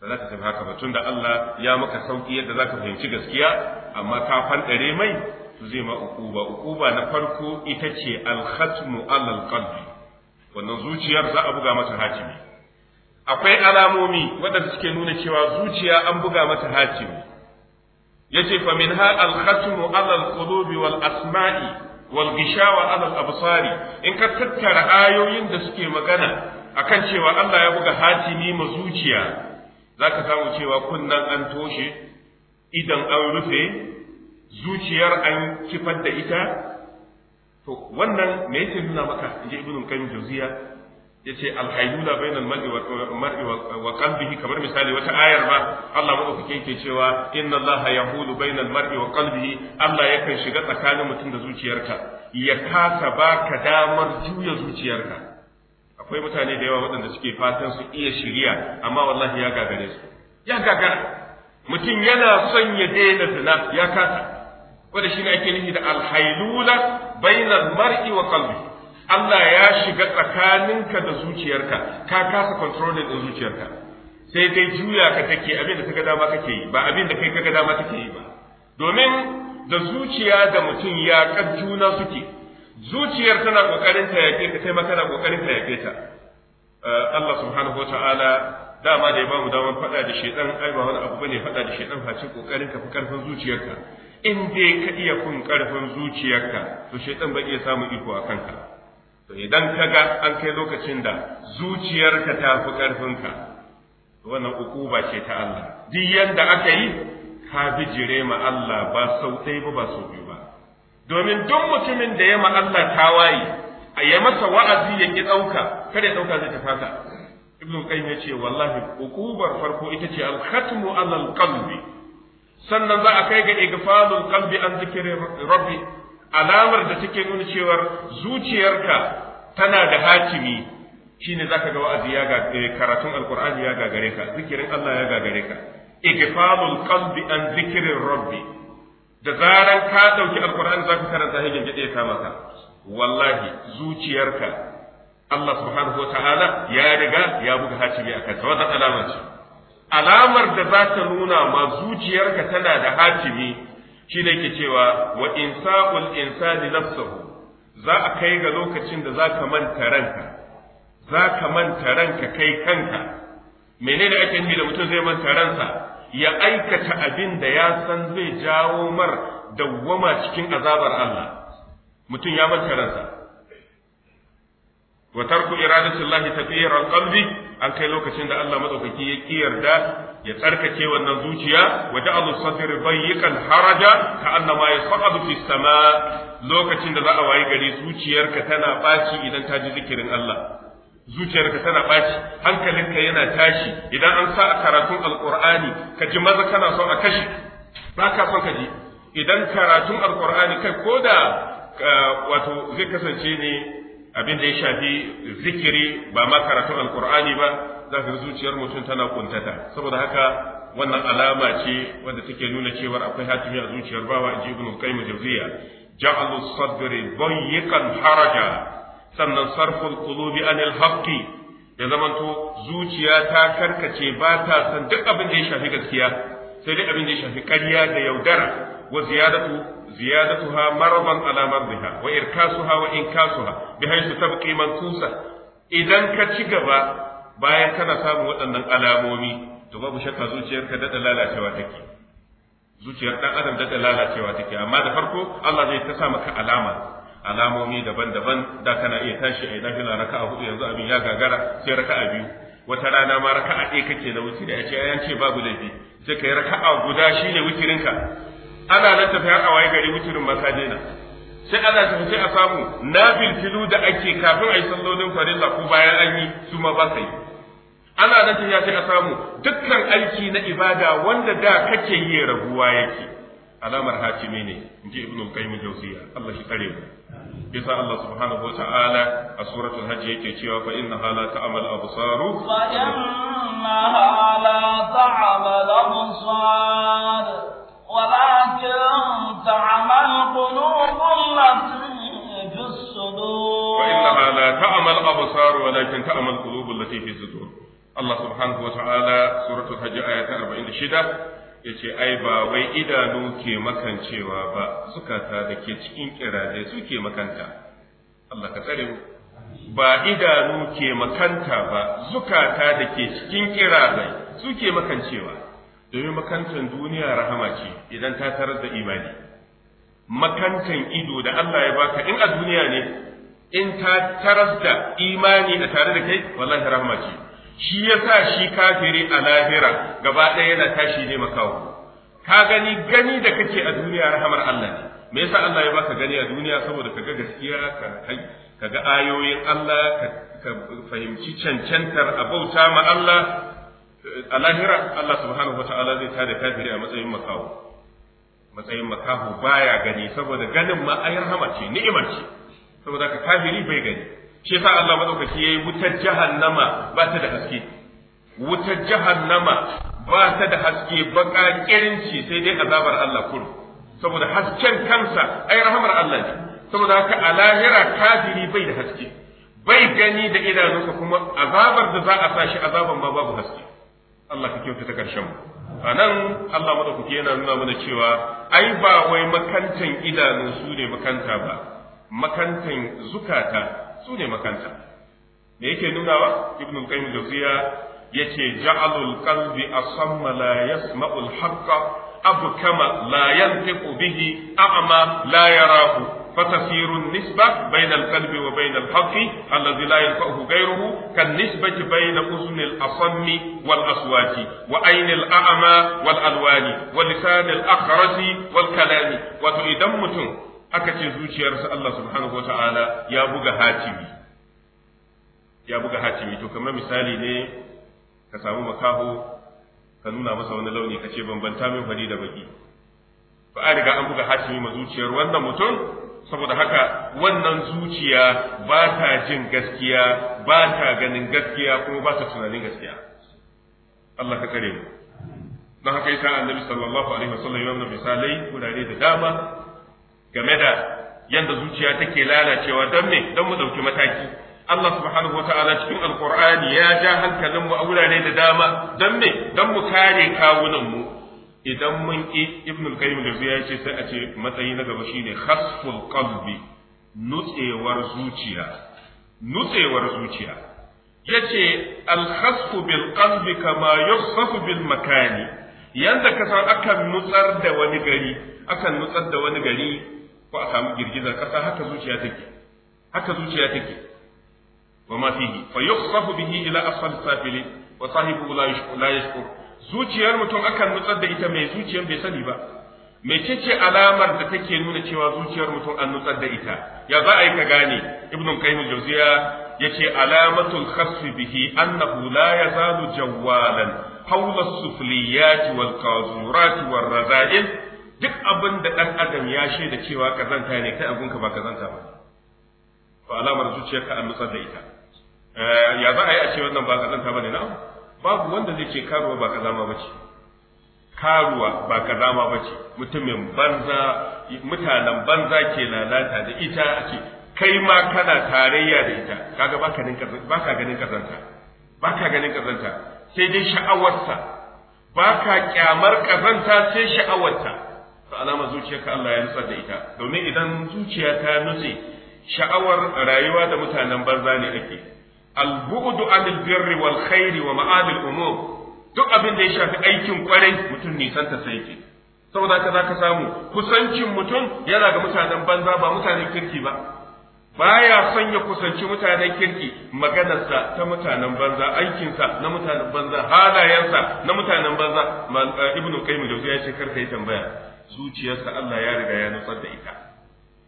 ba za ka tafi haka ba tunda Allah ya maka sauki yadda za ka fahimci gaskiya amma ka fanɗare mai to zai ma ukuba ukuba na farko ita ce alhatmu alal qalbi wannan zuciyar za a buga mata hatimi akwai alamomi waɗanda suke nuna cewa zuciya an buga mata hatimi yace fa minha alhatmu alal qulubi wal asma'i wal gishawa alal absari in ka tattara ayoyin da suke magana akan cewa Allah ya buga hatimi ma zuciya za ka samu cewa kunnan an toshe idan an rufe zuciyar an kifar da ita to wannan me yake nuna maka inji ibnu qayyim jawziya yace alhaylula bainal mar'i wa mar'i wa qalbihi kamar misali wata ayar ba Allah madaukake yake cewa inna Allaha yahulu bainal mar'i wa qalbihi Allah yakan shiga tsakanin mutum da zuciyarka ya kasa baka damar juya zuciyarka akwai mutane da yawa waɗanda suke fatan su iya shirya. amma wallahi ya gagare su ya gagara mutum yana son ya daina zina ya kasa wanda ne ake nufi da alhailula bainal mar'i wa qalbi Allah ya shiga tsakaninka da zuciyarka ka kasa controlling din zuciyarka sai dai juya ka take abin da kaga dama kake yi ba abin da kai kaga dama kake yi ba domin da zuciya da mutum ya kan juna suke zuciyar tana kokarin ta yafe ka kai ma kana kokarin ta yafe eh, ta Allah subhanahu wataala dama da ya bamu daman faɗa da shedan ai ba wani abu bane faɗa da shedan face kokarin ka fi karfin zuciyarka in dai ka iya kun karfin zuciyarka to shedan ba iya samu iko a kanka to idan ka ga an kai lokacin da zuciyarka ta fi ka wannan ukuba ce ta Allah duk yanda aka yi ka bijire ma Allah ba sau ɗaya ba ba sau biyu ba domin duk mutumin da ya ma Allah tawaye ya masa wa'azi ya ki ɗauka kada ya ɗauka zai ta fata ibnu qayyim ya ce wallahi hukubar farko ita ce al-khatmu alal qalbi sannan za a kai ga igfalul qalbi an zikri rabbi alamar da take nuna cewar zuciyarka tana da hakimi shine zaka ga wa'azi ya ga eh, karatun alqur'ani ya ga gare ka zikirin Allah ya ga gare ka igfalul qalbi an zikri rabbi da zaran ka ɗauki alkur'ani za ka karanta shi gingide ya kama ka wallahi zuciyarka Allah subhanahu wa ta'ala ya riga ya buga hatimi a ta wata alama ce alamar da za ta nuna ma zuciyarka tana da hatimi ne ke cewa wa insa'ul insani nafsuhu za a kai ga lokacin da za ka manta ranka za ka manta ranka kai kanka menene ake nufi da mutum zai manta ransa ya aikata abin da ya san zai jawo mar dawwama cikin azabar Allah mutum ya manta ransa wa tarku iradatullahi tafiyar qalbi an kai lokacin da Allah madaukaki ya kiyarda ya tsarkake wannan zuciya wa ja'alu sadr dayyiqan haraja ka annama yasqadu fi sama lokacin da za a wayi gari zuciyarka tana baci idan ta ji zikirin Allah zuciyarka tana ɓaci hankalinka yana tashi idan an sa a karatun alkur'ani ka ji maza kana son a kashe ba ka son ka ji idan karatun alkur'ani kai ko da wato zai kasance ne abin da ya shafi zikiri ba ma karatun alkur'ani ba za ka zuciyar mutum tana kuntata saboda haka wannan alama ce wanda take nuna cewar akwai hatimi a zuciyar bawa in ji ibn qayyim jawziya ja'alu sadri dayyiqan haraja sannan sarful qulubi anil haqqi ya zamanto zuciya ta karkace ba ta san duk abin da ya shafi gaskiya sai dai abin da ya shafi ƙarya da yaudara wa ziyadatu ziyadatuha maradan ala mardiha wa irkasuha wa inkasuha bi haythu tabqi mankusa idan ka ci gaba bayan kana samun waɗannan alamomi to babu shakka zuciyarka daɗa lalacewa take zuciyar ɗan adam daɗa lalacewa take amma da farko Allah zai ta sa maka alama alamomi daban-daban da kana iya tashi a idan raka raka'a hudu yanzu abin ya gagara sai raka'a biyu wata rana ma raka'a ɗaya kake na da ya ce ayan ce babu laifi sai kai raka'a guda shi ne wucirinka ana nan tafi har a waye gari wucirin ba ka sai ana ta fice a samu na filu da ake kafin a yi sallolin farilla ko bayan an yi su ma ba sai ana nan tafiya sai a samu dukkan aiki na ibada wanda da kake yi raguwa yake alamar hakimi ne in ji ibn al-qayyim jawziya Allah shi tsare bisa Allah subhanahu wa a suratul hajj yake cewa fa inna hala ta'mal absaru fa inna hala ta'mal absar ولكن تعمل قلوب التي في الصدور وإنها لا تعمل أبصار ولكن تعمل قلوب التي في الصدور الله سبحانه وتعالى سورة الحج آية 46 ya ce ai ba wai idanu ke makancewa ba sukata da ke cikin kiraje su makanta Allah ka tsare mu ba idanu ke makanta ba zukata da ke cikin kiraje su makancewa domin makantan duniya rahama ce idan ta tarar da imani makantan ido da Allah ya baka in a duniya ne in ta taras da imani a tare da kai wallahi rahama ce shi ya sa shi kafiri a lahira gaba ɗaya yana tashi ne makawo ka gani gani da kake a duniya rahamar Allah ne me yasa Allah ya baka gani a duniya saboda ka ga gaskiya ka ka ga ayoyin Allah ka fahimci cancantar a bauta ma Allah a lahira Allah subhanahu wata'ala zai tada kafiri a matsayin makawo matsayin makaho baya gani saboda ganin ma ai rahama ce ni'imar ce saboda ka kafiri bai gani shi sa Allah madaukaki yayi wutar jahannama ba ta da haske wutar jahannama ba ta da haske baka kirinci sai dai azabar Allah kullu saboda hasken kansa ai rahamar Allah ne saboda haka a lahira kafiri bai da haske bai gani da idanunsa kuma azabar da za a sa shi azaban ma babu haske Allah ka kyauta ta karshen mu a nan Allah madaukaki yana nuna mana cewa ai ba wai makantan idanu su ne makanta ba makantan zukata su ne makanta me yake nunawa ibn al-qayyim jawziya yace ja'alul qalbi asamma la yasma'u al-haqqa abkama la yantiqu bihi a'ma la yarahu فتصير النسبة بين القلب وبين الحق الذي لا ينفعه غيره كالنسبة بين أذن الأصم والأصوات وأين الأعمى والألوان ولسان الأخرس والكلام وتؤدمت aka ce zuciyarsa Allah subhanahu wata'ala ya buga hatimi ya buga hatimi to kamar misali ne ka samu makaho ka nuna masa wani launi ka ce bambanta min fari da baki ba a riga an buga hatimi ma zuciyar wannan mutum saboda haka wannan zuciya ba ta jin gaskiya ba ta ganin gaskiya kuma ba ta tunanin gaskiya Allah ka kare mu don haka yasa annabi sallallahu alaihi wasallam ya nuna misalai wurare da dama game da yadda zuciya take lalacewa don me don mu ɗauki mataki Allah subhanahu wa ta'ala cikin alqur'ani ya ja hankalin mu a wurare da dama don me don mu kare kawunan mu idan mun ki ibn al-qayyim da ya ce sai a ce matsayi na gaba shine khasful qalbi nutsewar zuciya nutsewar zuciya yace al-khasfu bil qalbi kama yukhsafu bil makani yanda ka san akan nutsar da wani gari akan nutsar da wani gari ko a samu girgizar kasa haka zuciya take haka zuciya take wa ma fihi fa bihi ila asfal safili wa sahibu la la zuciyar mutum akan nutsar da ita mai zuciyar bai sani ba mecece alamar da take nuna cewa zuciyar mutum an nutsar da ita ya za a yi ka gane ibn qayyim jawziya yace alamatul khasfi bihi annahu la yazalu jawwalan hawla as-sufliyat wal qazurat wal raza'il duk abin da ɗan adam ya shaida cewa kazanta ne kai abinka ba kazanta ba to alamar zuciyarka an nutsar da ita eh, ya za a yi a ce wannan ba kazanta ba ne na babu wanda zai ce karuwa ba kazama ba ce karuwa ba kazama ba ce mutumin banza mutanen banza ke lalata da ita a ce kai ma kana tarayya da ita kaga baka ganin ba baka ganin kazanta sai dai sha'awarsa baka kyamar kazanta sai sha'awarsa to alama ka Allah ya nutsar da ita domin idan zuciya ta nutse sha'awar rayuwa da mutanen banza ne ake albu'du anil birri wal khairi wa umur duk abin da ya shafi aikin kwarai mutum nisan ta sai ke saboda haka zaka samu kusancin mutum yana ga mutanen banza ba mutanen kirki ba baya son ya kusanci mutanen kirki maganarsa ta mutanen banza aikinsa na mutanen banza halayensa na mutanen banza eh, ibnu qayyim da ya ce karka yi tambaya zuciyarsa Allah ya riga ya nutsar da ita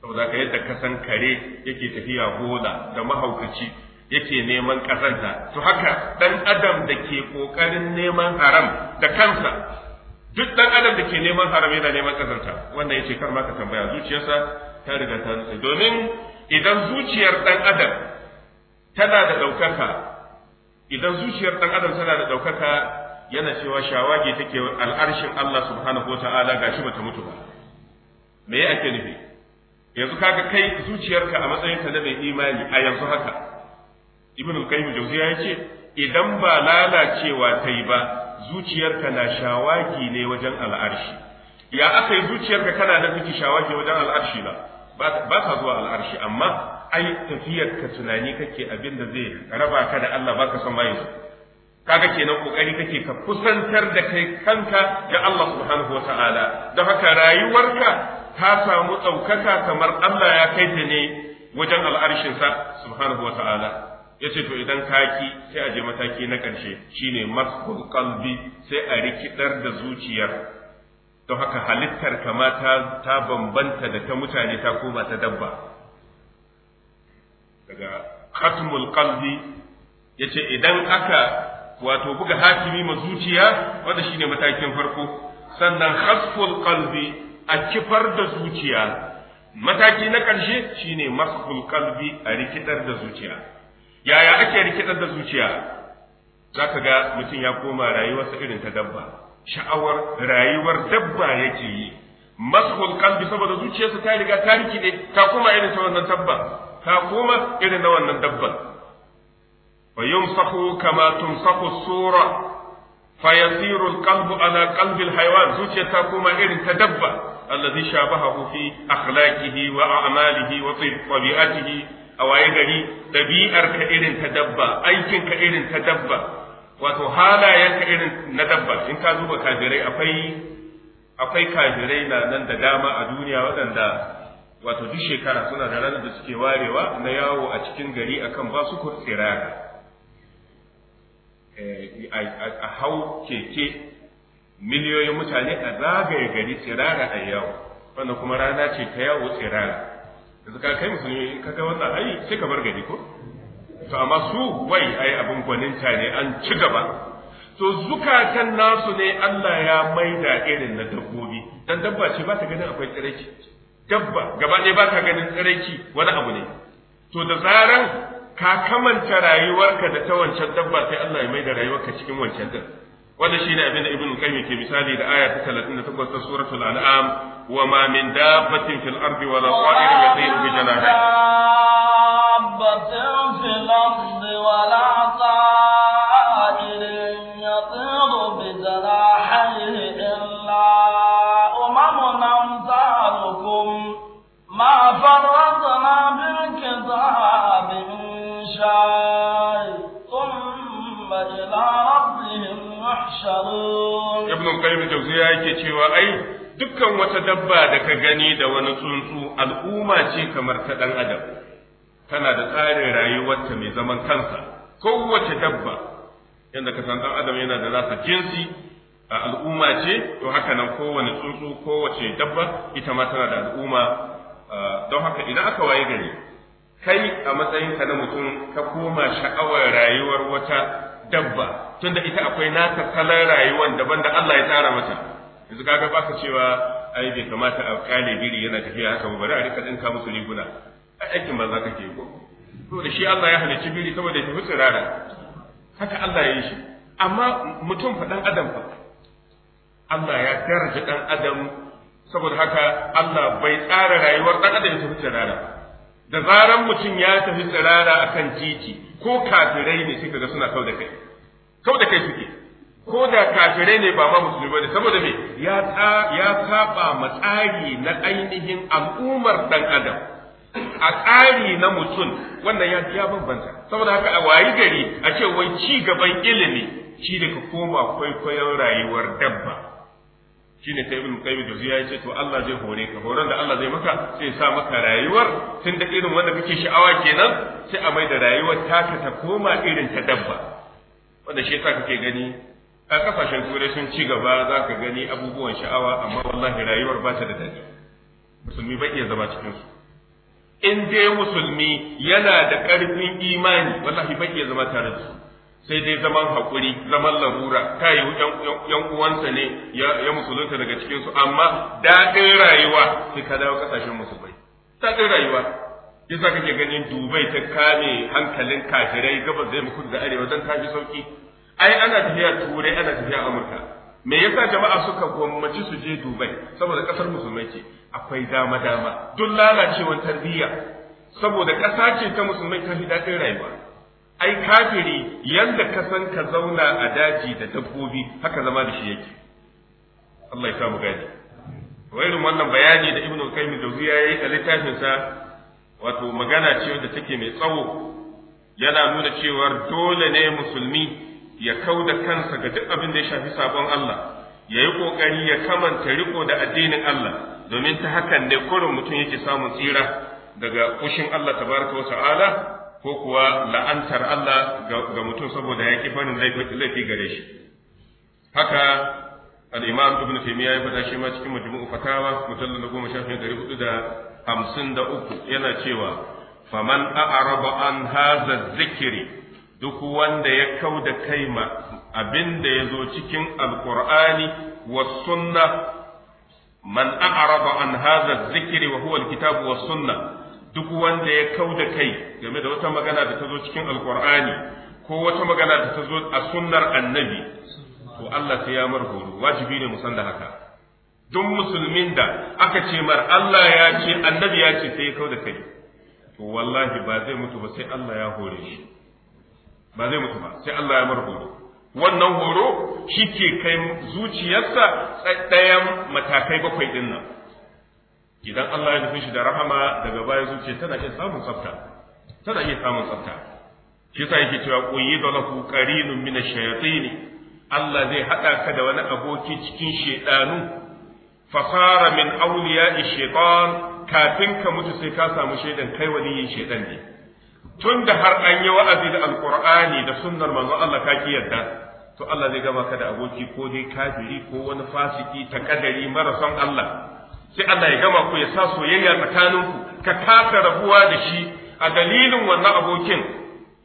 saboda ka yadda kasan kare yake tafiya gola da mahaukaci yake neman kasanta to haka dan adam da ke kokarin neman haram da kansa duk dan adam da ke neman haram yana neman kasanta wannan yace kar ma ka tambaya zuciyarsa ta riga ta nutse domin idan zuciyar dan adam tana da ɗaukaka, idan zuciyar dan adam tana da ɗaukaka. yana cewa shawagi take al'arshin Allah subhanahu wa ta'ala gashi bata mutu ba me ya ake nufi yanzu kaga kai zuciyarka a matsayin ka na mai imani a yanzu haka ibnu qayyim ya ce, idan ba lalacewa ta yi ba zuciyarka na shawagi ne wajen al'arshi ya aka yi zuciyarka kana da kake shawagi wajen al'arshi ba, ba ka zuwa al'arshi amma ai tafiyarka tunani kake abin da zai raba ka da Allah baka son mai kaga kenan kokari kake ka kusantar da kai kanka ga Allah subhanahu wata'ala da haka rayuwarka ta samu ɗaukaka kamar Allah ya kai ta ne wajen al'arshinsa subhanahu wata'ala ya ce to idan kaki sai a je mataki na ƙarshe shine masbul qalbi sai a rikidar da zuciyar don haka halittar kama ta bambanta da ta mutane ta koma ta dabba daga khatmul qalbi yace idan aka wato buga hakimi ma zuciya wanda shine matakin farko sannan khasful qalbi a kifar da zuciya mataki na ƙarshe shine masful qalbi a rikidar da zuciya yaya ake rikidar da zuciya zaka ga mutum ya koma rayuwarsa irin ta dabba sha'awar rayuwar dabba yake yi masful qalbi saboda zuciyarsa ta riga ta rikide ta koma irin ta wannan dabba ta koma irin na wannan dabban فيمسخ كما تمسخ الصورة فيصير القلب على قلب الحيوان زوجة تقوم إرن تدبى الذي شابهه في أخلاقه وأعماله وطبيعته أو أيضاً تبيئر كإرن تدبى أيكن كإرن تدبى وتهالا ينك إرن ندبى إن كذوب كاجري أفي أفي كاجري نان دداما أدونيا ودندا wato duk shekara suna da ranar da suke warewa na yawo a cikin gari akan basu kurtsirara Eh, a hau keke miliyoyin mutane a zagaye gari tsirara a yawo wannan kuma rana ce ta yawo tsirara yanzu ka kai musulmi in ka ga wannan ai sai ka bar gari ko to amma su wai ai abin gwaninta ne an ci gaba to zukatan nasu ne Allah ya maida irin na dabbobi dan dabba ce ba ta ganin akwai tsiraici dabba gaba ɗaya ba ta ganin tsiraici wani abu ne to da zaran ka kamanta rayuwarka da ta wancan dabba sai Allah ya maida rayuwarka cikin wancan din wanda shine abin da Ibn Qayyim ke misali da aya ta 38 ta suratul an'am wa ma min dabbatin fil ardi wala ta'irin yatiru bi janahi dabbatin fil ardi wala ta'irin تحشرون qayyim القيم ya yake cewa ai dukkan wata dabba da ka gani da wani tsuntsu al'umma ce kamar ta dan adam tana da tsarin rayuwarta mai zaman kansa kowace dabba yadda ka san dan adam yana da nasa jinsi a al'umma ce to haka nan kowane tsuntsu kowace dabba ita ma tana da al'umma don haka idan aka waye gari kai a matsayinka na mutum ka koma sha'awar rayuwar wata dabba tunda ita akwai nata salon rayuwan daban da Allah ya tsara mata yanzu kaga baka cewa ai bai kamata a kale biri yana tafiya haka ba bari a rika dinka musu riguna aikin banza kake ko to da shi Allah ya halicci biri saboda ya tafi rara. haka Allah ya yi shi amma mutum fa dan adam fa Allah ya daraja dan adam saboda haka Allah bai tsara rayuwar dan adam ya tafi rara ba da zaran mutum ya tafi tsirara akan titi ko kafirai ne suka ga suna kau da kai kau da kai suke ko da kafirai ne ba ma musulmi ba ne saboda me ya ya saba ma tsari na ainihin al'ummar dan adam a tsari na mutum wannan ya ya bambanta saboda haka a wayi gari a ce wai ci gaban ilimi shi daga koma kwaikwayon rayuwar dabba shine sai ibn qayyim ya ce to Allah zai hore ka horon da Allah zai maka sai sa maka rayuwar tun da irin wanda kake sha'awa kenan sai a mai da rayuwar taka ta koma irin ta dabba wanda shi yasa kake gani a kafashen turai sun ci gaba za ka gani abubuwan sha'awa amma wallahi rayuwar ba ta da daɗi musulmi ba iya zama cikin su in dai musulmi yana da ƙarfin imani wallahi ba iya zama tare da su sai dai zaman hakuri zaman larura ta yiwu yan uwansa ne ya musulunta daga cikin su amma daɗin rayuwa sai ka dawo kasashen musulmai daɗin rayuwa yasa kake ganin dubai ta kame hankalin kafirai gabas da kudu da arewa don tafi sauki ai ana tafiya turai ana tafiya amurka me yasa jama'a suka gwammaci su je dubai saboda ƙasar musulmai ce akwai dama dama duk lalacewar tarbiyya saboda ƙasa ce ta musulmai ta fi daɗin rayuwa ai kafiri yanda ka san ka zauna a daji da dabbobi haka zama da shi yake Allah ya samu gadi wairin wannan bayani da ibnu qayyim ya yayi a littafin wato magana ce da take mai tsawo yana nuna cewa dole ne musulmi ya kauda kansa ga duk abin da ya shafi sabon Allah ya yi kokari ya kamanta riko da addinin Allah domin ta hakan ne kurin mutum yake samun tsira daga kushin Allah tabaraka wa ta'ala ko kuwa la'antar Allah ga mutum saboda ya ki barin laifi gare shi haka al-imam ibn taymiya ya faɗa shi ma cikin majmu'u fatawa mujallal da goma shafin ɗari hudu da hamsin da uku yana cewa faman a'raba an hadha zikiri duk wanda ya kau da kai ma abin da ya zo cikin alqur'ani was sunna man a'raba an hadha zikiri wa huwa al-kitab was sunna duk wanda ya kau da kai game da wata magana da ta zo cikin alkur'ani ko wata magana da ta zo a sunnar annabi to Allah sai ya mar horo wajibi ne mu san da haka duk musulmin da aka ce mar Allah ya ce annabi ya ce sai ya kau da kai to wallahi ba zai mutu ba sai Allah ya hore shi ba zai mutu ba sai Allah ya mar horo wannan horo shi ke kai zuciyarsa tsayayen matakai bakwai ɗin nan idan Allah ya nufi shi da rahama daga baya zuciya tana iya samun tsafta tana iya samun tsafta shi yasa yake cewa quyida lahu qarinun min ash-shayatin Allah zai hada ka da wani aboki cikin shedanu fasara min awliya'i shaytan kafin ka mutu sai ka samu shaidan kai waliyin shaidan ne tun da har an yi wa'azi da alqur'ani da sunnar manzon Allah ka ki yadda to Allah zai gama ka da aboki ko dai kafiri ko wani fasiki ta kadari marasan Allah sai Allah ya gama ku ya sa soyayya tsakaninku ka kasa rabuwa da shi a dalilin wannan abokin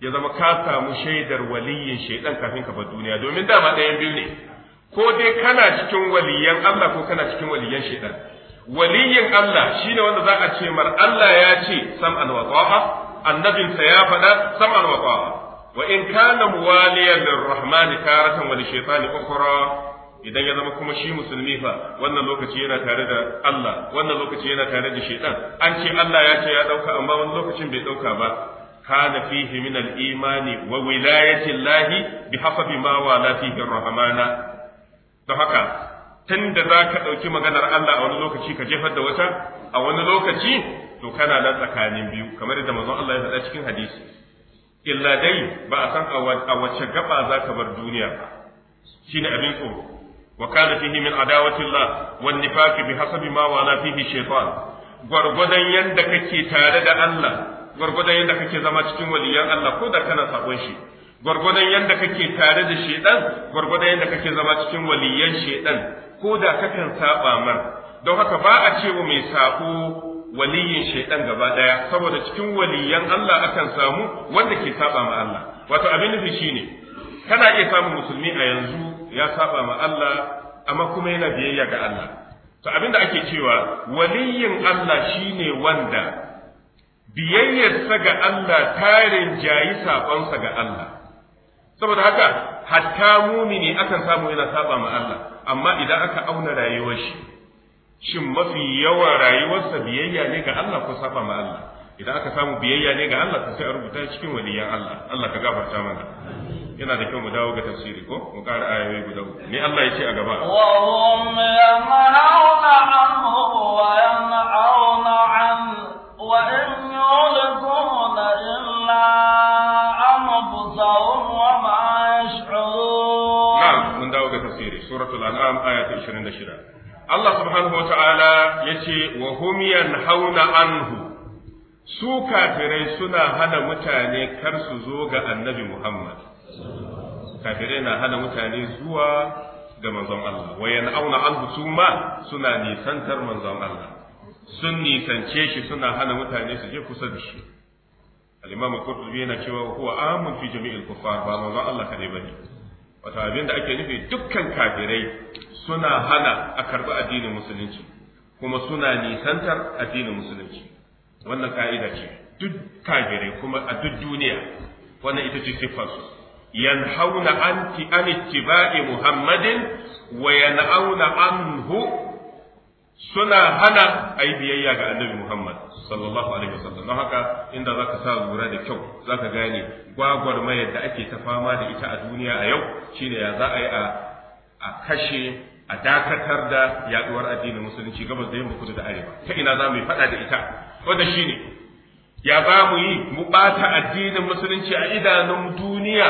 ya zama ka samu shaidar waliyin shaidan kafin ka bar duniya domin dama ɗayan biyu ne ko dai kana cikin waliyan Allah ko kana cikin waliyan shaidan waliyin Allah shine wanda za a ce mar Allah ya ce sam'an wa ta'a annabinsa ya faɗa sam'an wa ta'a wa in kana muwaliyan lirrahmani taratan wa lishaitani ukhra idan ya zama kuma shi musulmi fa wannan lokaci yana tare da Allah wannan lokaci yana tare da shaitan an ce Allah ya ce ya dauka amma wani lokacin bai dauka ba kana fihi min al-imani wa wilayati Allah bi hasabi ma wala fihi rahmana don haka tun da za ka ɗauki maganar Allah a wani lokaci ka jefar da wata a wani lokaci to kana nan tsakanin biyu kamar yadda manzon Allah ya faɗa cikin hadisi illa dai ba a san a wace gaba za ka bar duniya ba shine abin tsoro وكان فيه من عداوة الله والنفاق بحسب ما والى فيه الشيطان gwargwadon yadda kake tare da Allah gwargwadon yadda kake zama cikin waliyan Allah ko da kana sabon shi gwargwadon yadda kake tare da shedan gwargwadon yadda kake zama cikin waliyan shedan ko da kakan saba mar don haka ba a cewa mai sako waliyin shaiɗan gaba ɗaya saboda cikin waliyan Allah akan samu wanda ke saba ma Allah wato abin nufi ne. kana iya samun musulmi a yanzu ya saba ma Allah amma kuma yana biyayya ga Allah to abinda ake cewa waliyin Allah shine wanda biyayyarsa ga Allah tarin jayi sabansa ga Allah saboda haka hatta mumini akan samu yana saba ma Allah amma idan aka auna rayuwar shi shin mafi yawan rayuwarsa biyayya ne ga Allah ko saba ma Allah idan aka samu biyayya ne ga Allah to sai a rubuta cikin waliyan Allah Allah ka gafarta mana yana da kyau mu dawo ga tafsiri ko mu ƙara ayoyi guda uku Ni Allah ya ce a gaba anhu illa dawo ga aya ta Allah subhanahu wa ta'ala ya ce wa hum anhu su kafirai suna hana mutane kar su zo ga annabi Muhammad kafirai na hana mutane zuwa ga manzon Allah auna an su ma suna nisantar manzon Allah sun nisance shi suna hana mutane su je kusa da shi al-imam qurtubi yana cewa huwa amun fi jami'il kuffar ba manzon Allah ba bane wato abin da ake nufi dukkan kafirai suna hana a karbi addinin musulunci kuma suna nisantar addinin musulunci wannan ka'ida ce duk kafirai kuma a duk duniya wannan ita ce siffarsu ينهون عن Muhammadin اتباع محمد وينأون عنه suna hana ayi biyayya ga annabi Muhammad sallallahu alaihi wasallam don haka inda zaka sa lura da kyau zaka gane gwagwarmayar da ake ta fama da ita a duniya a yau shine ya za a yi a kashe a dakatar da yaɗuwar addinin musulunci gabas da yamma kudu da arewa ta ina za mu yi fada da ita wanda shine ya za mu yi mu bata addinin musulunci a idanun duniya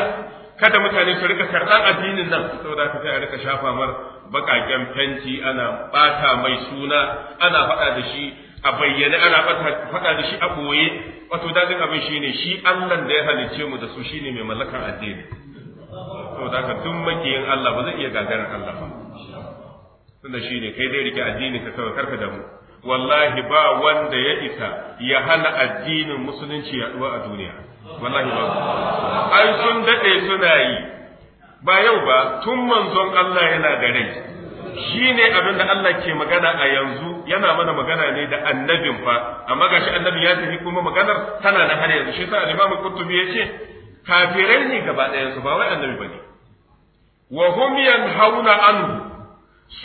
kada mutane su rika karɓar addinin nan saboda ka sai a rika shafa mar baƙaƙen fenti ana ɓata mai suna ana faɗa da shi a bayyane ana faɗa da shi a ɓoye wato dadin abin shine shi Allah da ya halicce mu da su shine mai mallakan addini saboda ka duk makiyin Allah ba zai iya gagarin Allah ba tunda shine kai dai rike addinin ka kawai karka damu wallahi ba wanda ya isa ya hana addinin musulunci yaɗuwa a duniya wallahi ba ai sun dade suna yi ba yau ba tun manzon Allah yana da rai shine abin da Allah ke magana a yanzu yana mana magana ne da annabin fa amma gashi annabi ya tafi kuma maganar tana da har yanzu shi sa al-Imam Qurtubi ce? kafirai ne gaba ɗayan su ba wai annabi bane wa hum yanhauna anhu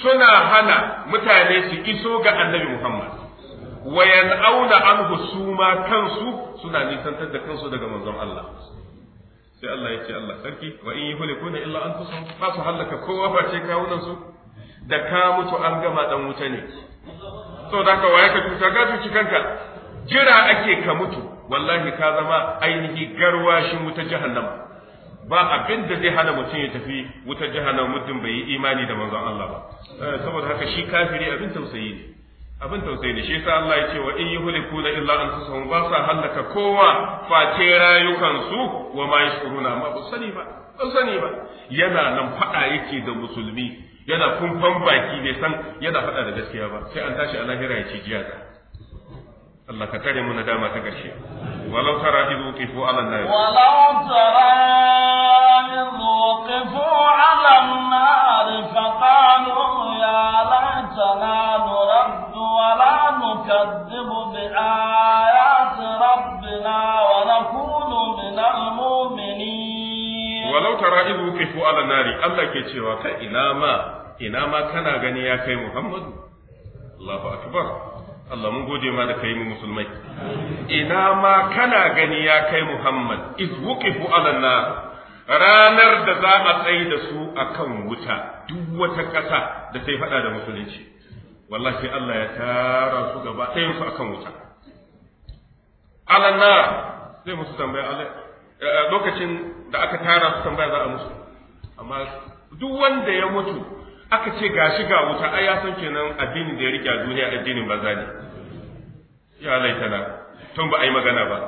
suna hana mutane su iso ga annabi Muhammad wa yan'auna anhu suma kansu suna nisantar da kansu daga manzon Allah sai Allah ya ce Allah sarki wa in yi yuhlikuna illa an anfusahum ba su halaka kowa ba ce kawunan su da ka mutu an gama dan wuta ne so da ka waya ka cuta ka cuci kanka jira ake ka mutu wallahi ka zama ainihi garwashin wuta jahannama ba abin da zai hana mutum ya tafi wutar jahannama mutum bai yi imani da manzon Allah ba eh, saboda haka shi kafiri abin tausayi ne abin tausayi ne shi sa Allah ya ce wa in yuhliku la illa anfusahum ba sa halaka kowa face rayukansu wa ma yashkuruna amma ba sani ba ba sani ba yana nan fada yake da musulmi yana kumfan baki bai san yana fada da gaskiya ba sai an tashi a lahira ya ci jiya Allah ka kare mu na dama ta karshe walau tara idh uqifu ala an-nar walau tara idh uqifu ala an-nar faqalu ya laitana ala nari Allah ke cewa ka ina ma ina ma kana gani ya kai Muhammadu Allahu akbar Allah mun gode ma da kai mu musulmai ina ma kana gani ya kai Muhammad iz wuqifu ala nar ranar da za a tsayi da su akan wuta duk wata ƙasa da ta yi faɗa da musulunci wallahi Allah ya tara su gaba ɗayan su akan wuta ala nar zai musu tambaya eh, eh, lokacin da aka tara su tambaya za a musu amma duk wanda ya mutu aka ce ga shi ga wuta ai ya san kenan addinin da ya rike a duniya addinin banza ne ya laitana tun ba a magana ba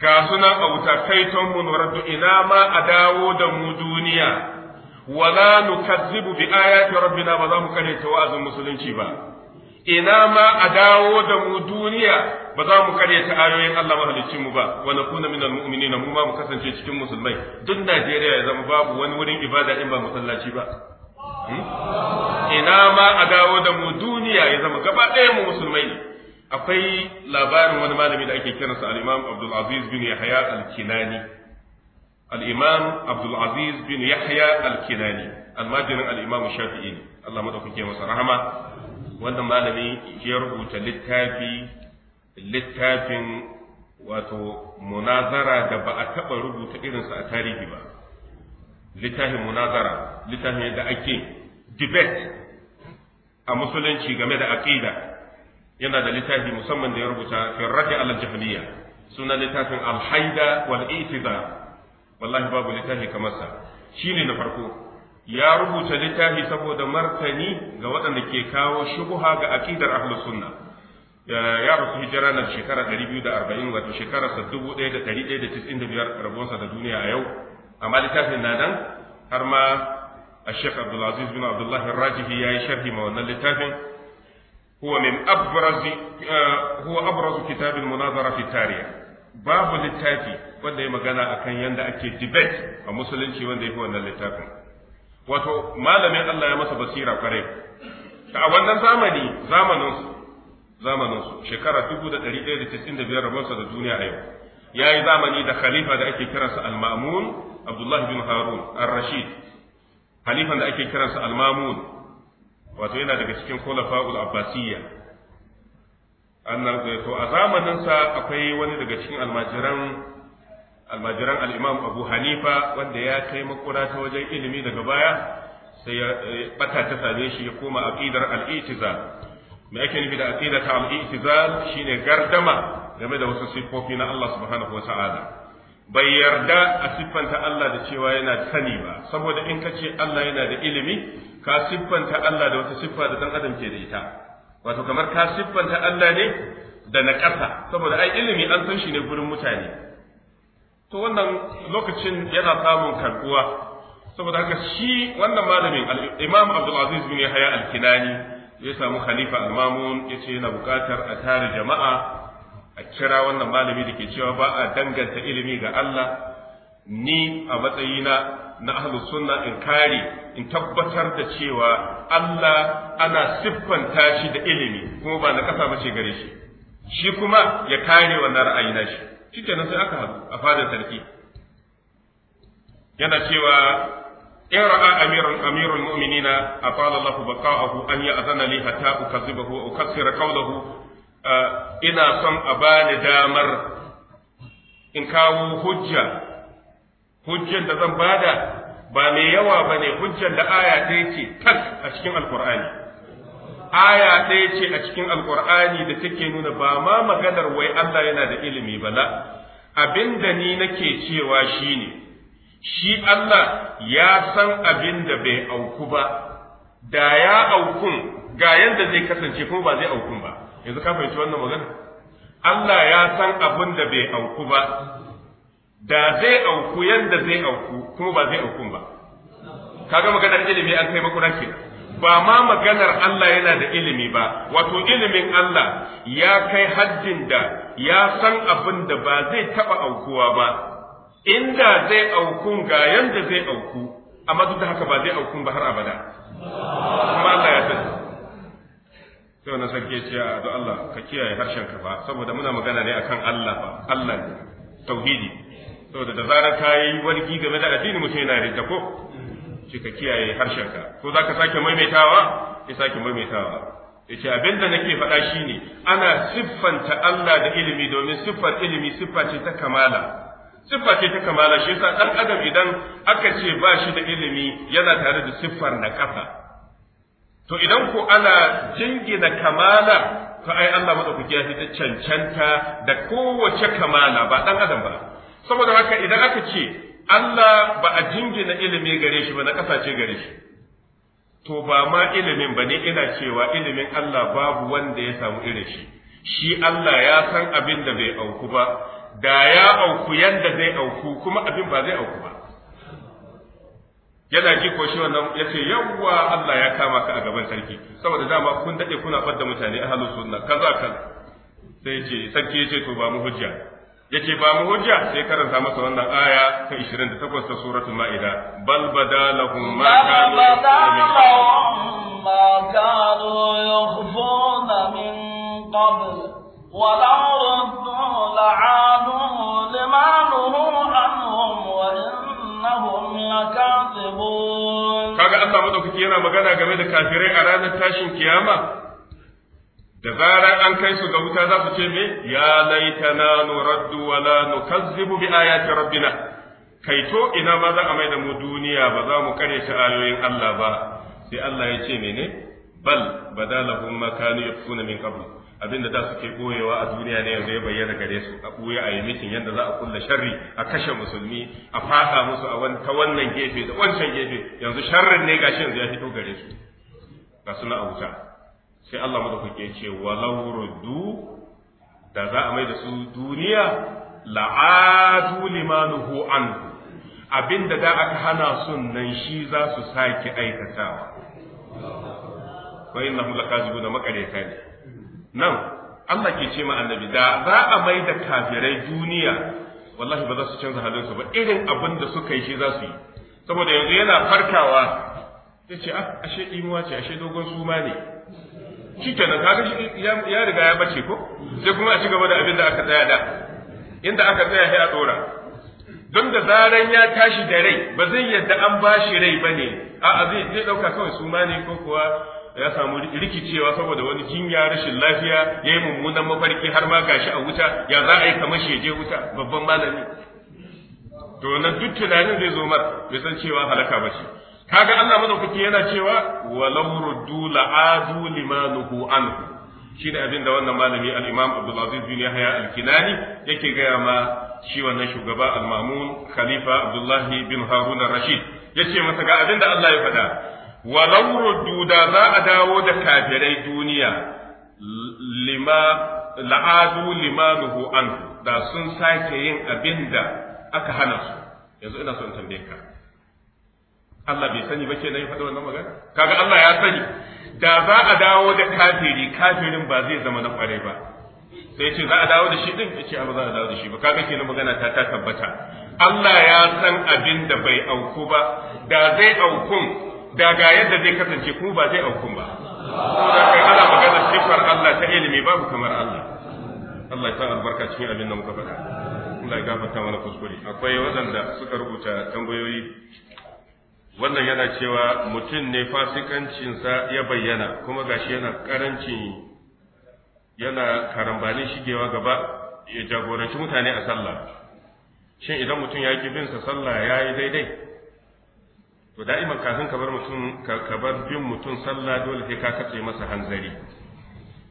ga suna a wuta kai tun mun raddu ina ma a dawo da mu duniya wala nukazzibu bi ayati rabbina ba za mu kare ta wa'azin musulunci ba ina ma a dawo da mu duniya ba za mu karya ta ayoyin Allah mahalicci mu ba wa nakuna minal mu'minina mu ma mu kasance cikin musulmai duk Najeriya ya zama babu wani wurin ibada in ba masallaci ba hmm? ina ma a dawo da mu duniya ya zama gaba ɗaya mu musulmai akwai labarin wani malami da ake kiransa al-Imam Abdul Aziz bin Yahya al-Kinani al-Imam Abdul Aziz bin Yahya al-Kinani almajirin al-Imam Shafi'i Allah madaukake masa rahama wannan malami ya rubuta littafi littafin wato munazara da ba a taɓa rubuta irinsa a tarihi ba littafin munazara littafin da ake debate a musulunci game da aqida yana da littafi musamman da ya rubuta fi rafi ala sunan littafin alhaida wal itiza wallahi babu littafi kamar sa shine na farko ya rubuta littafi saboda martani ga waɗanda ke kawo shubuha ga aqidar ahlus sunna ya rasu hijira na shekara 240 wato shekara 1195 rabuwarsa da duniya a yau amma littafin na nan har ma الشيخ عبد العزيز بن عبد الله الراجحي يا شرحي ما ون هو من أبرز هو أبرز كتاب المناظرة في التاريخ باب wanda ya magana akan yadda ake debate a musulunci wanda ya fi wannan littafin wato malamin Allah ya masa basira kwarai ta a wannan zamani zamaninsu zamaninsu shekara 1195 rabonsa da duniya a yau ya yi zamani da khalifa da ake kiransa al-ma'mun abdullah bin harun ar-rashid khalifan da ake kiransa al-ma'mun wato yana daga cikin khulafa'ul abbasiyya annan to a zamaninsa akwai wani daga cikin almajiran almajiran al'imam abu hanifa wanda ya kai makura ta wajen ilimi daga baya sai ya eh, bata ta same shi ya koma aqidar al'itizal Mai ake nufi da aqida ta al'itizal shine gardama game da wasu siffofi na Allah subhanahu wata'ala bai yarda a siffanta Allah da cewa yana sani ba saboda in ka ce Allah yana da ilimi ka siffanta Allah da wata siffa da dan adam ke da ita wato kamar ka siffanta Allah ne da na ƙasa saboda ai ilimi an san shi ne gurin mutane to wannan lokacin yana samun karbuwa saboda haka shi wannan malamin imam abdulaziz bin yahya al-kinani ya samu khalifa al-mamun yace yana bukatar a tare jama'a a kira wannan malami da ke cewa ba a danganta ilimi ga Allah ni a matsayina na ahlus sunna in kare in tabbatar da cewa Allah ana siffanta shi da ilimi kuma ba na kasa bace gare shi shi kuma ya kare wannan ra'ayi na shi shikenan sai aka haɗu a fadar sarki yana cewa in ra'a amirul amirul mu'minina atala Allahu baqa'ahu an ya'zana li hatta ukazzibahu wa ukassira qawluhu ah, ina son a bani damar in kawo hujja hujjan da zan bada ba mai yawa bane hujjan da aya ta ce tas a cikin alkur'ani aya ɗaya ce a cikin Alƙur'ani da take nuna ba ma maganar wai Allah yana da ilimi ba la abinda ni nake cewa shine shi Allah ya san abin da bai auku ba da ya aukun ga yanda zai kasance kuma ba zai aukun ba yanzu ka fahimci wannan magana Allah ya san abin da bai auku ba da zai auku yanda zai auku kuma ba zai aukun ba kaga maganar ilimi an kai makura kenan ba ma maganar Allah yana da ilimi ba wato ilimin Allah ya kai haddin da ya san abin da ba zai taba aukuwa ba inda zai aukun ga yanda zai auku amma duk da haka ba zai aukun ba har abada kuma Allah ya sani sai na san ke ce a Allah ka kiyaye harshen ka ba saboda muna magana ne akan Allah ba Allah ne tauhidi saboda da zarar ka yi wargi game da addini mutum yana rinta ko ce ka kiyaye harshenka ko za ka sake maimaitawa ya sake maimaitawa ya ce abin da nake faɗa shi ne ana siffanta Allah da ilimi domin siffar ilimi siffa ce ta kamala siffa ce ta kamala shi yasa ɗan adam idan aka ce ba shi da ilimi yana tare da siffar na ƙasa to idan ko ana jingina kamala to ai Allah madaukaki ya fi ta cancanta da kowace kamala ba ɗan adam ba saboda haka idan aka ce Allah ba a jingina ilimi gare shi ba na kasace gare shi to ba ma ilimin ba ne ina cewa ilimin Allah babu wanda ya samu irin shi shi Allah ya san abin da bai auku ba da ya auku yadda zai auku kuma abin ba zai auku ba yana ji ko shi wannan ce yawwa Allah ya kama ka a gaban sarki saboda dama kun daɗe kuna fadda mutane a ahlus sunna kaza kaza sai ce sarki ce to ba mu hujja yace ba mu hujja sai karanta masa wannan aya ta 28 ta suratul maida bal badalahum ma kanu ma kanu yukhfuna min qabl ولو ردوا لعادوا لما نهوا عنهم وإنهم لكاذبون kaga Allah madaukaki yana magana game da kafirai a ranar tashin kiyama da zarar an kai su ga wuta za su ce me ya laitana nuraddu wala nukazzibu bi ayati rabbina kai to ina ma za a mai da mu duniya ba za mu kare ta ayoyin Allah ba sai Allah ya ce mene bal badalahum ma kanu yafuna min qabl abinda da suke boyewa a duniya ne yanzu ya bayyana gare su a buya a yi mitin yadda za a kulla sharri a kashe musulmi a fasa musu a ta wannan gefe da wancan gefe yanzu sharrin ne gashi yanzu ya fito gare su ga suna a wuta sai Allah madaukake ce walau ruddu da za a mai da su duniya la'adu limanuhu an abinda da aka hana sun nan shi za su sake aikatawa wa da da makareta ne nan Allah ke ce ma annabi da za a mai da kafirai duniya wallahi ba za su canza halin su ba irin abin da suka yi shi za su yi saboda yanzu yana farkawa ya ce ah, ashe imuwa ce ashe dogon suma ne shi nan kaga shi ya riga ya bace ko sai kuma a ci gaba da abin da aka tsaya da inda aka tsaya sai a tsora don da zaran ya tashi da rai ba zai yadda an ba shi rai ba ne a'a zai zai dauka kawai ma ne ko kuwa ya samu rikicewa saboda wani jinya rashin lafiya ya yi mummunan mafarki har ma gashi a wuta ya za a yi kamar shi je wuta babban malami to nan duk tunanin zai zo mar bai san cewa halaka ba ce kaga Allah madaukaki yana cewa walau ruddu la'adu limanuhu anhu shine abin da wannan malami al-Imam Abdul Aziz bin Yahya al-Kinani yake gaya ma shi wannan shugaba al-Mamun Khalifa Abdullah bin Harun al-Rashid yace masa ga abin da Allah ya faɗa walau ruddu da za a dawo da kafirai duniya lima la'adu limanuhu anhu da sun sake yin abin da aka hana su yanzu ina son tambaye ka Allah bai sani ba ke na yi faɗa wannan magana kaga Allah ya sani da za a dawo da kafiri kafirin ba zai zama na ƙwarai ba sai ce za a dawo da shi din ya ce za a dawo da shi ba kaga na magana ta ta tabbata Allah ya san abin da bai auku ba da zai aukun da ga yadda zai kasance kuma ba zai aukun ba saboda kai ana magana sifar Allah ta ilimi babu kamar Allah Allah ya san albarka cikin abin da muka faɗa Allah ya gafarta mana kuskure akwai waɗanda suka rubuta tambayoyi wannan yana cewa mutum ne fasikancinsa ya bayyana kuma gashi yana karancin yana karambani shigewa gaba ya jagoranci mutane a sallah shin idan mutum ya ki binsa sallah ya yi daidai to da'iman kafin ka bar mutum ka bin mutum sallah dole sai ka katse masa hanzari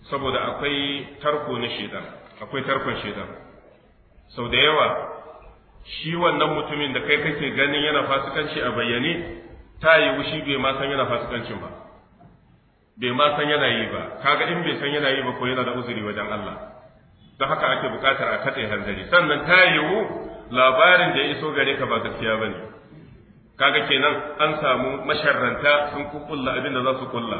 saboda akwai tarko na shedan akwai tarkon shedan sau da yawa shi wannan mutumin da kai kake ganin yana fasikanci a bayyane ta yi shi bai ma san yana fasikancin ba bai ma san yana yi ba kaga in bai san yana yi ba ko yana da uzuri wajen Allah don haka ake bukatar a katse hanzari sannan ta yiwu labarin da ya iso gare ka ba gaskiya bane kaga kenan an samu masharranta sun kukulla abin da za su kulla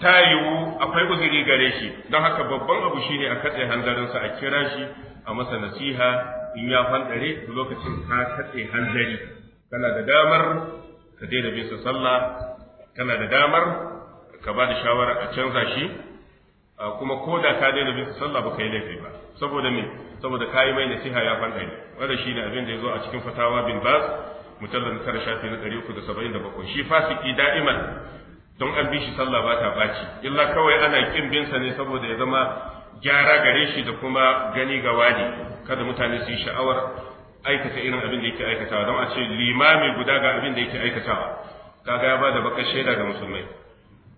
ta yiwu akwai uzuri gare shi don haka babban abu shine a katse hanzarinsa a kira shi a masa nasiha in ya fanɗare lokacin ka katse hanzari kana da damar ka daina bin sa sallah kana da damar ka ba da shawara a canza shi kuma ko da ka daina bin sa sallah baka yi laifi ba saboda me saboda ka yi mai nasiha ya fanɗare wanda shi ne abin da ya zo a cikin fatawa bin bas mutallan tara shafi na ɗari uku da saba'in da bakwai shi fasiki da'iman don an bi shi sallah ba ta ɓaci illa kawai ana kin binsa ne saboda ya zama gyara gare shi da kuma gani ga wani kada mutane su yi sha'awar aikata irin abin da yake aikatawa don a ce limami guda ga abin da yake aikatawa kaga ya bada bakar shaida ga musulmai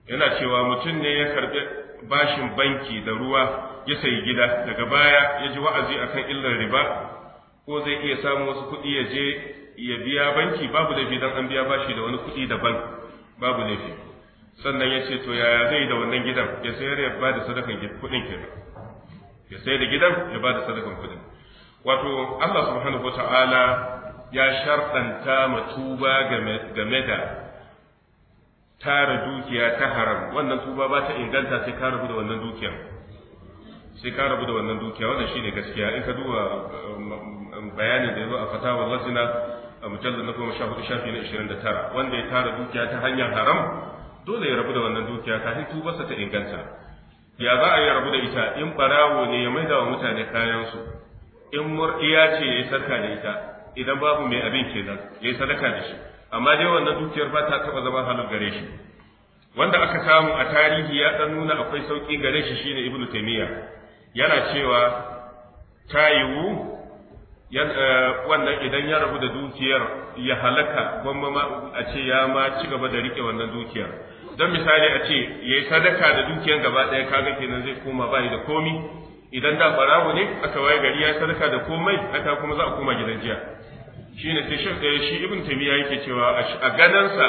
yana cewa mutum ne ya karbi bashin banki da ruwa ya sayi gida daga baya ya ji wa'azi akan illar riba ko zai iya samun wasu kuɗi ya je ya biya banki babu da gidan an biya bashi da wani kuɗi daban babu laifi sannan ya ce to yaya zai da wannan gidan ya sayar ya ba da sadakan kuɗin kenan ya sayar da gidan ya ba da sadakan kuɗin wato Allah subhanahu wata'ala ya sharɗanta matuba game da tara dukiya ta haram wannan tuba ba ta inganta sai ka rabu da wannan dukiya sai ka rabu da wannan dukiya wannan shine gaskiya in ka duba um, um, bayanin da yazo a fatawa lasina a mujallar na goma sha hudu shafi na ishirin da tara wanda ya tara dukiya ta hanyar haram dole ya rabu da wannan dukiya Sai tubarsa ta inganta ya za a yi rabu da ita in barawo ne ya maida wa mutane kayansu in murdiya ce yayi sadaka da ita idan babu mai abin kenan yi sadaka da shi amma dai wannan dukiyar ba ta taba zama halar gare shi wanda aka samu a tarihi ya dan nuna akwai sauki gare shi shine ibnu taymiya yana cewa ta yiwu eh, wannan idan ya rabu da dukiyar ya halaka gwamma a ce ya ma ci gaba da rike wannan dukiyar don misali a ce ya yi sadaka da dukiyar gaba ɗaya kaga kenan zai koma bai da komi idan da barawo ne aka waye gari ya sadaka da komai aka kuma za a koma gidan jiya shine sai shi eh, shi ibn taymiya yake cewa a ganansa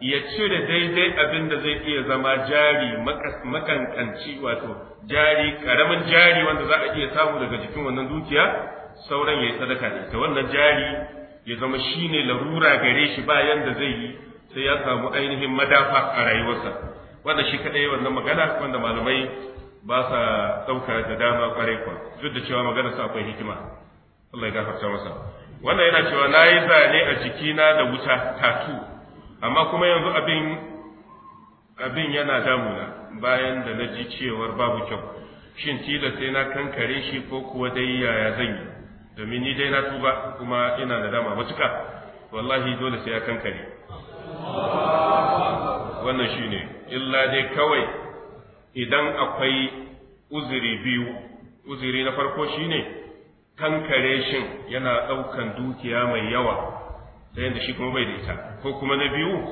ya cire daidai abin da zai iya zama jari makankanci wato jari karamin jari wanda za a iya samu daga jikin wannan dukiya sauran ya yi sadaka da ita wannan jari ya zama shine larura gare shi bayan da zai yi sai ya samu ainihin madafa a rayuwarsa wanda shi kadai wannan magana wanda malamai ba sa ɗauka da dama ƙwarai kuwa duk da cewa magana su akwai hikima Allah ya gafarta masa wannan yana cewa na yi zane a jikina da wuta tatu amma kuma yanzu abin abin yana damuna bayan da na ji cewar babu kyau shin tilas sai na kankare shi ko kuwa dai yaya zan yi domin ni dai na tuba kuma ina da dama matuka wallahi dole sai ya kankare wannan shine illa dai kawai idan akwai uziri biyu uziri na farko shine kankare shin yana ɗaukan dukiya mai yawa ta yadda shi kuma bai da ita ko kuma na biyu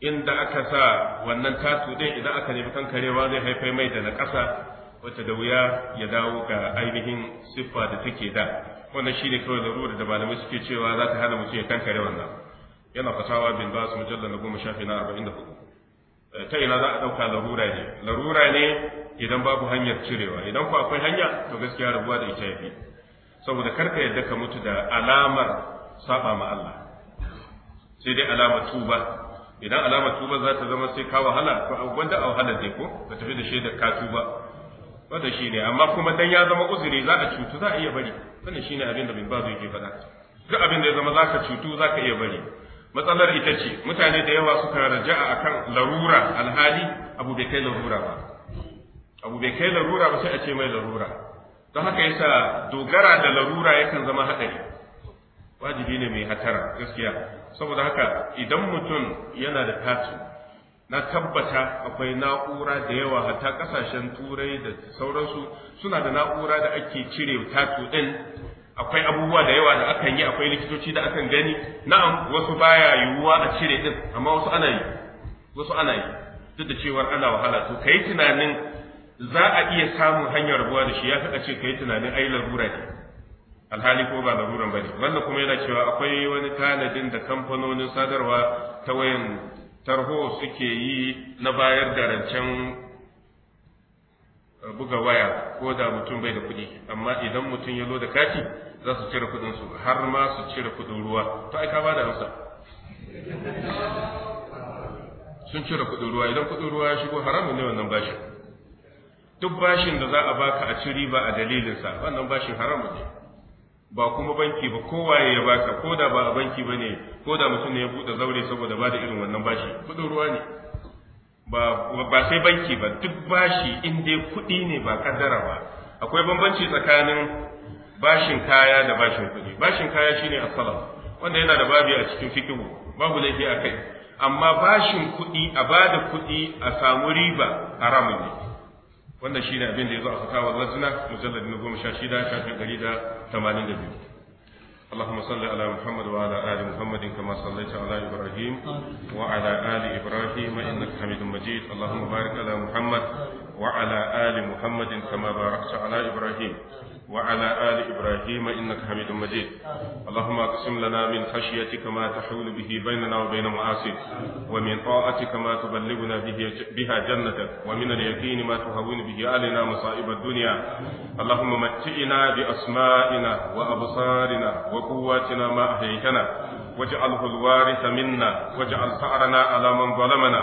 inda aka sa wannan tatu ɗin idan aka nemi kankarewa zai haifai mai da na ƙasa wata da wuya ya dawo ga ainihin siffa da take da wannan shi ne kawai ruwa da malamai suke cewa za ta hana mutum ya kankare wannan yana fasawa bin ba su mujallar na goma shafi na arba'in da hudu ta ina za a ɗauka larura ne larura ne idan babu hanyar cirewa idan ku akwai hanya to gaskiya rabuwa da ita yafi saboda karka yadda ka mutu da alamar saba ma Allah sai dai alamar tuba idan alamar tuba za ta zama sai ka wahala to wanda a wahala dai ko ka tafi da shaidar ka tuba wanda shi ne amma kuma dan ya zama uzuri za a cutu za a iya bari wannan shine abin da bin bazu yake faɗa duk abin da ya zama za ka cutu za ka iya bari matsalar ita ce mutane da yawa suka a kan larura alhali abu bai kai larura ba abu bai kai larura ba sai a ce mai larura don haka yasa dogara da larura yakan zama haɗari wajibi ne mai hatara gaskiya saboda haka idan mutum yana da tatu na tabbata akwai na'ura da yawa hata ƙasashen turai da sauransu suna da na'ura da ake cire tatu ɗin akwai abubuwa da yawa da akan yi akwai likitoci da akan gani na'am wasu baya yiwuwa a cire din amma wasu ana yi wasu ana yi duk da cewar ana wahala to kai tunanin za a iya samun hanyar rabuwa da shi ya fi ce kai tunanin ai larura ne alhali ko ba laruran bane wannan kuma yana cewa akwai wani tanadin da kamfanonin sadarwa ta wayan tarho suke yi na bayar da rancen eh, buga waya ko da mutum bai da kuɗi amma idan mutum ya zo da kati za su cire kudin su har ma su cire kudin ruwa to ai ka ba da amsa sun cire kudin ruwa idan kudin ruwa ya shigo haramun ne wannan bashin duk bashin da za a baka a ciri ba a dalilinsa wannan bashin haramun ne ba kuma banki ba kowaye ya baka ko da ba a banki ba ne ko da mutum ne ya buɗe zaure saboda ba da irin wannan bashi kudin ruwa ne ba sai banki ba duk bashi in dai kuɗi ne ba kaddara ba akwai bambanci tsakanin bashin kaya da bashin kuɗi bashin kaya shine as-salam wanda yana da babi a cikin fikihu babu laifi a kai amma bashin kuɗi a bada kuɗi a samu riba haramun ne wanda shine abin da yazo a fatawa lajna mujallad na goma sha shida shafin ɗari da tamanin da biyu اللهم صل على محمد وعلى آل محمد كما صليت على إبراهيم وعلى آل إبراهيم إنك حميد مجيد اللهم بارك على محمد وعلى آل محمد كما باركت على إبراهيم وعلى آل إبراهيم إنك حميد مجيد اللهم اقسم لنا من خشيتك ما تحول به بيننا وبين معاصيك ومن طاعتك ما تبلغنا به بها جنتك ومن اليقين ما تهون به علينا مصائب الدنيا اللهم متئنا بأسمائنا وأبصارنا وقواتنا ما أحييتنا واجعله الوارث منا واجعل ثأرنا على من ظلمنا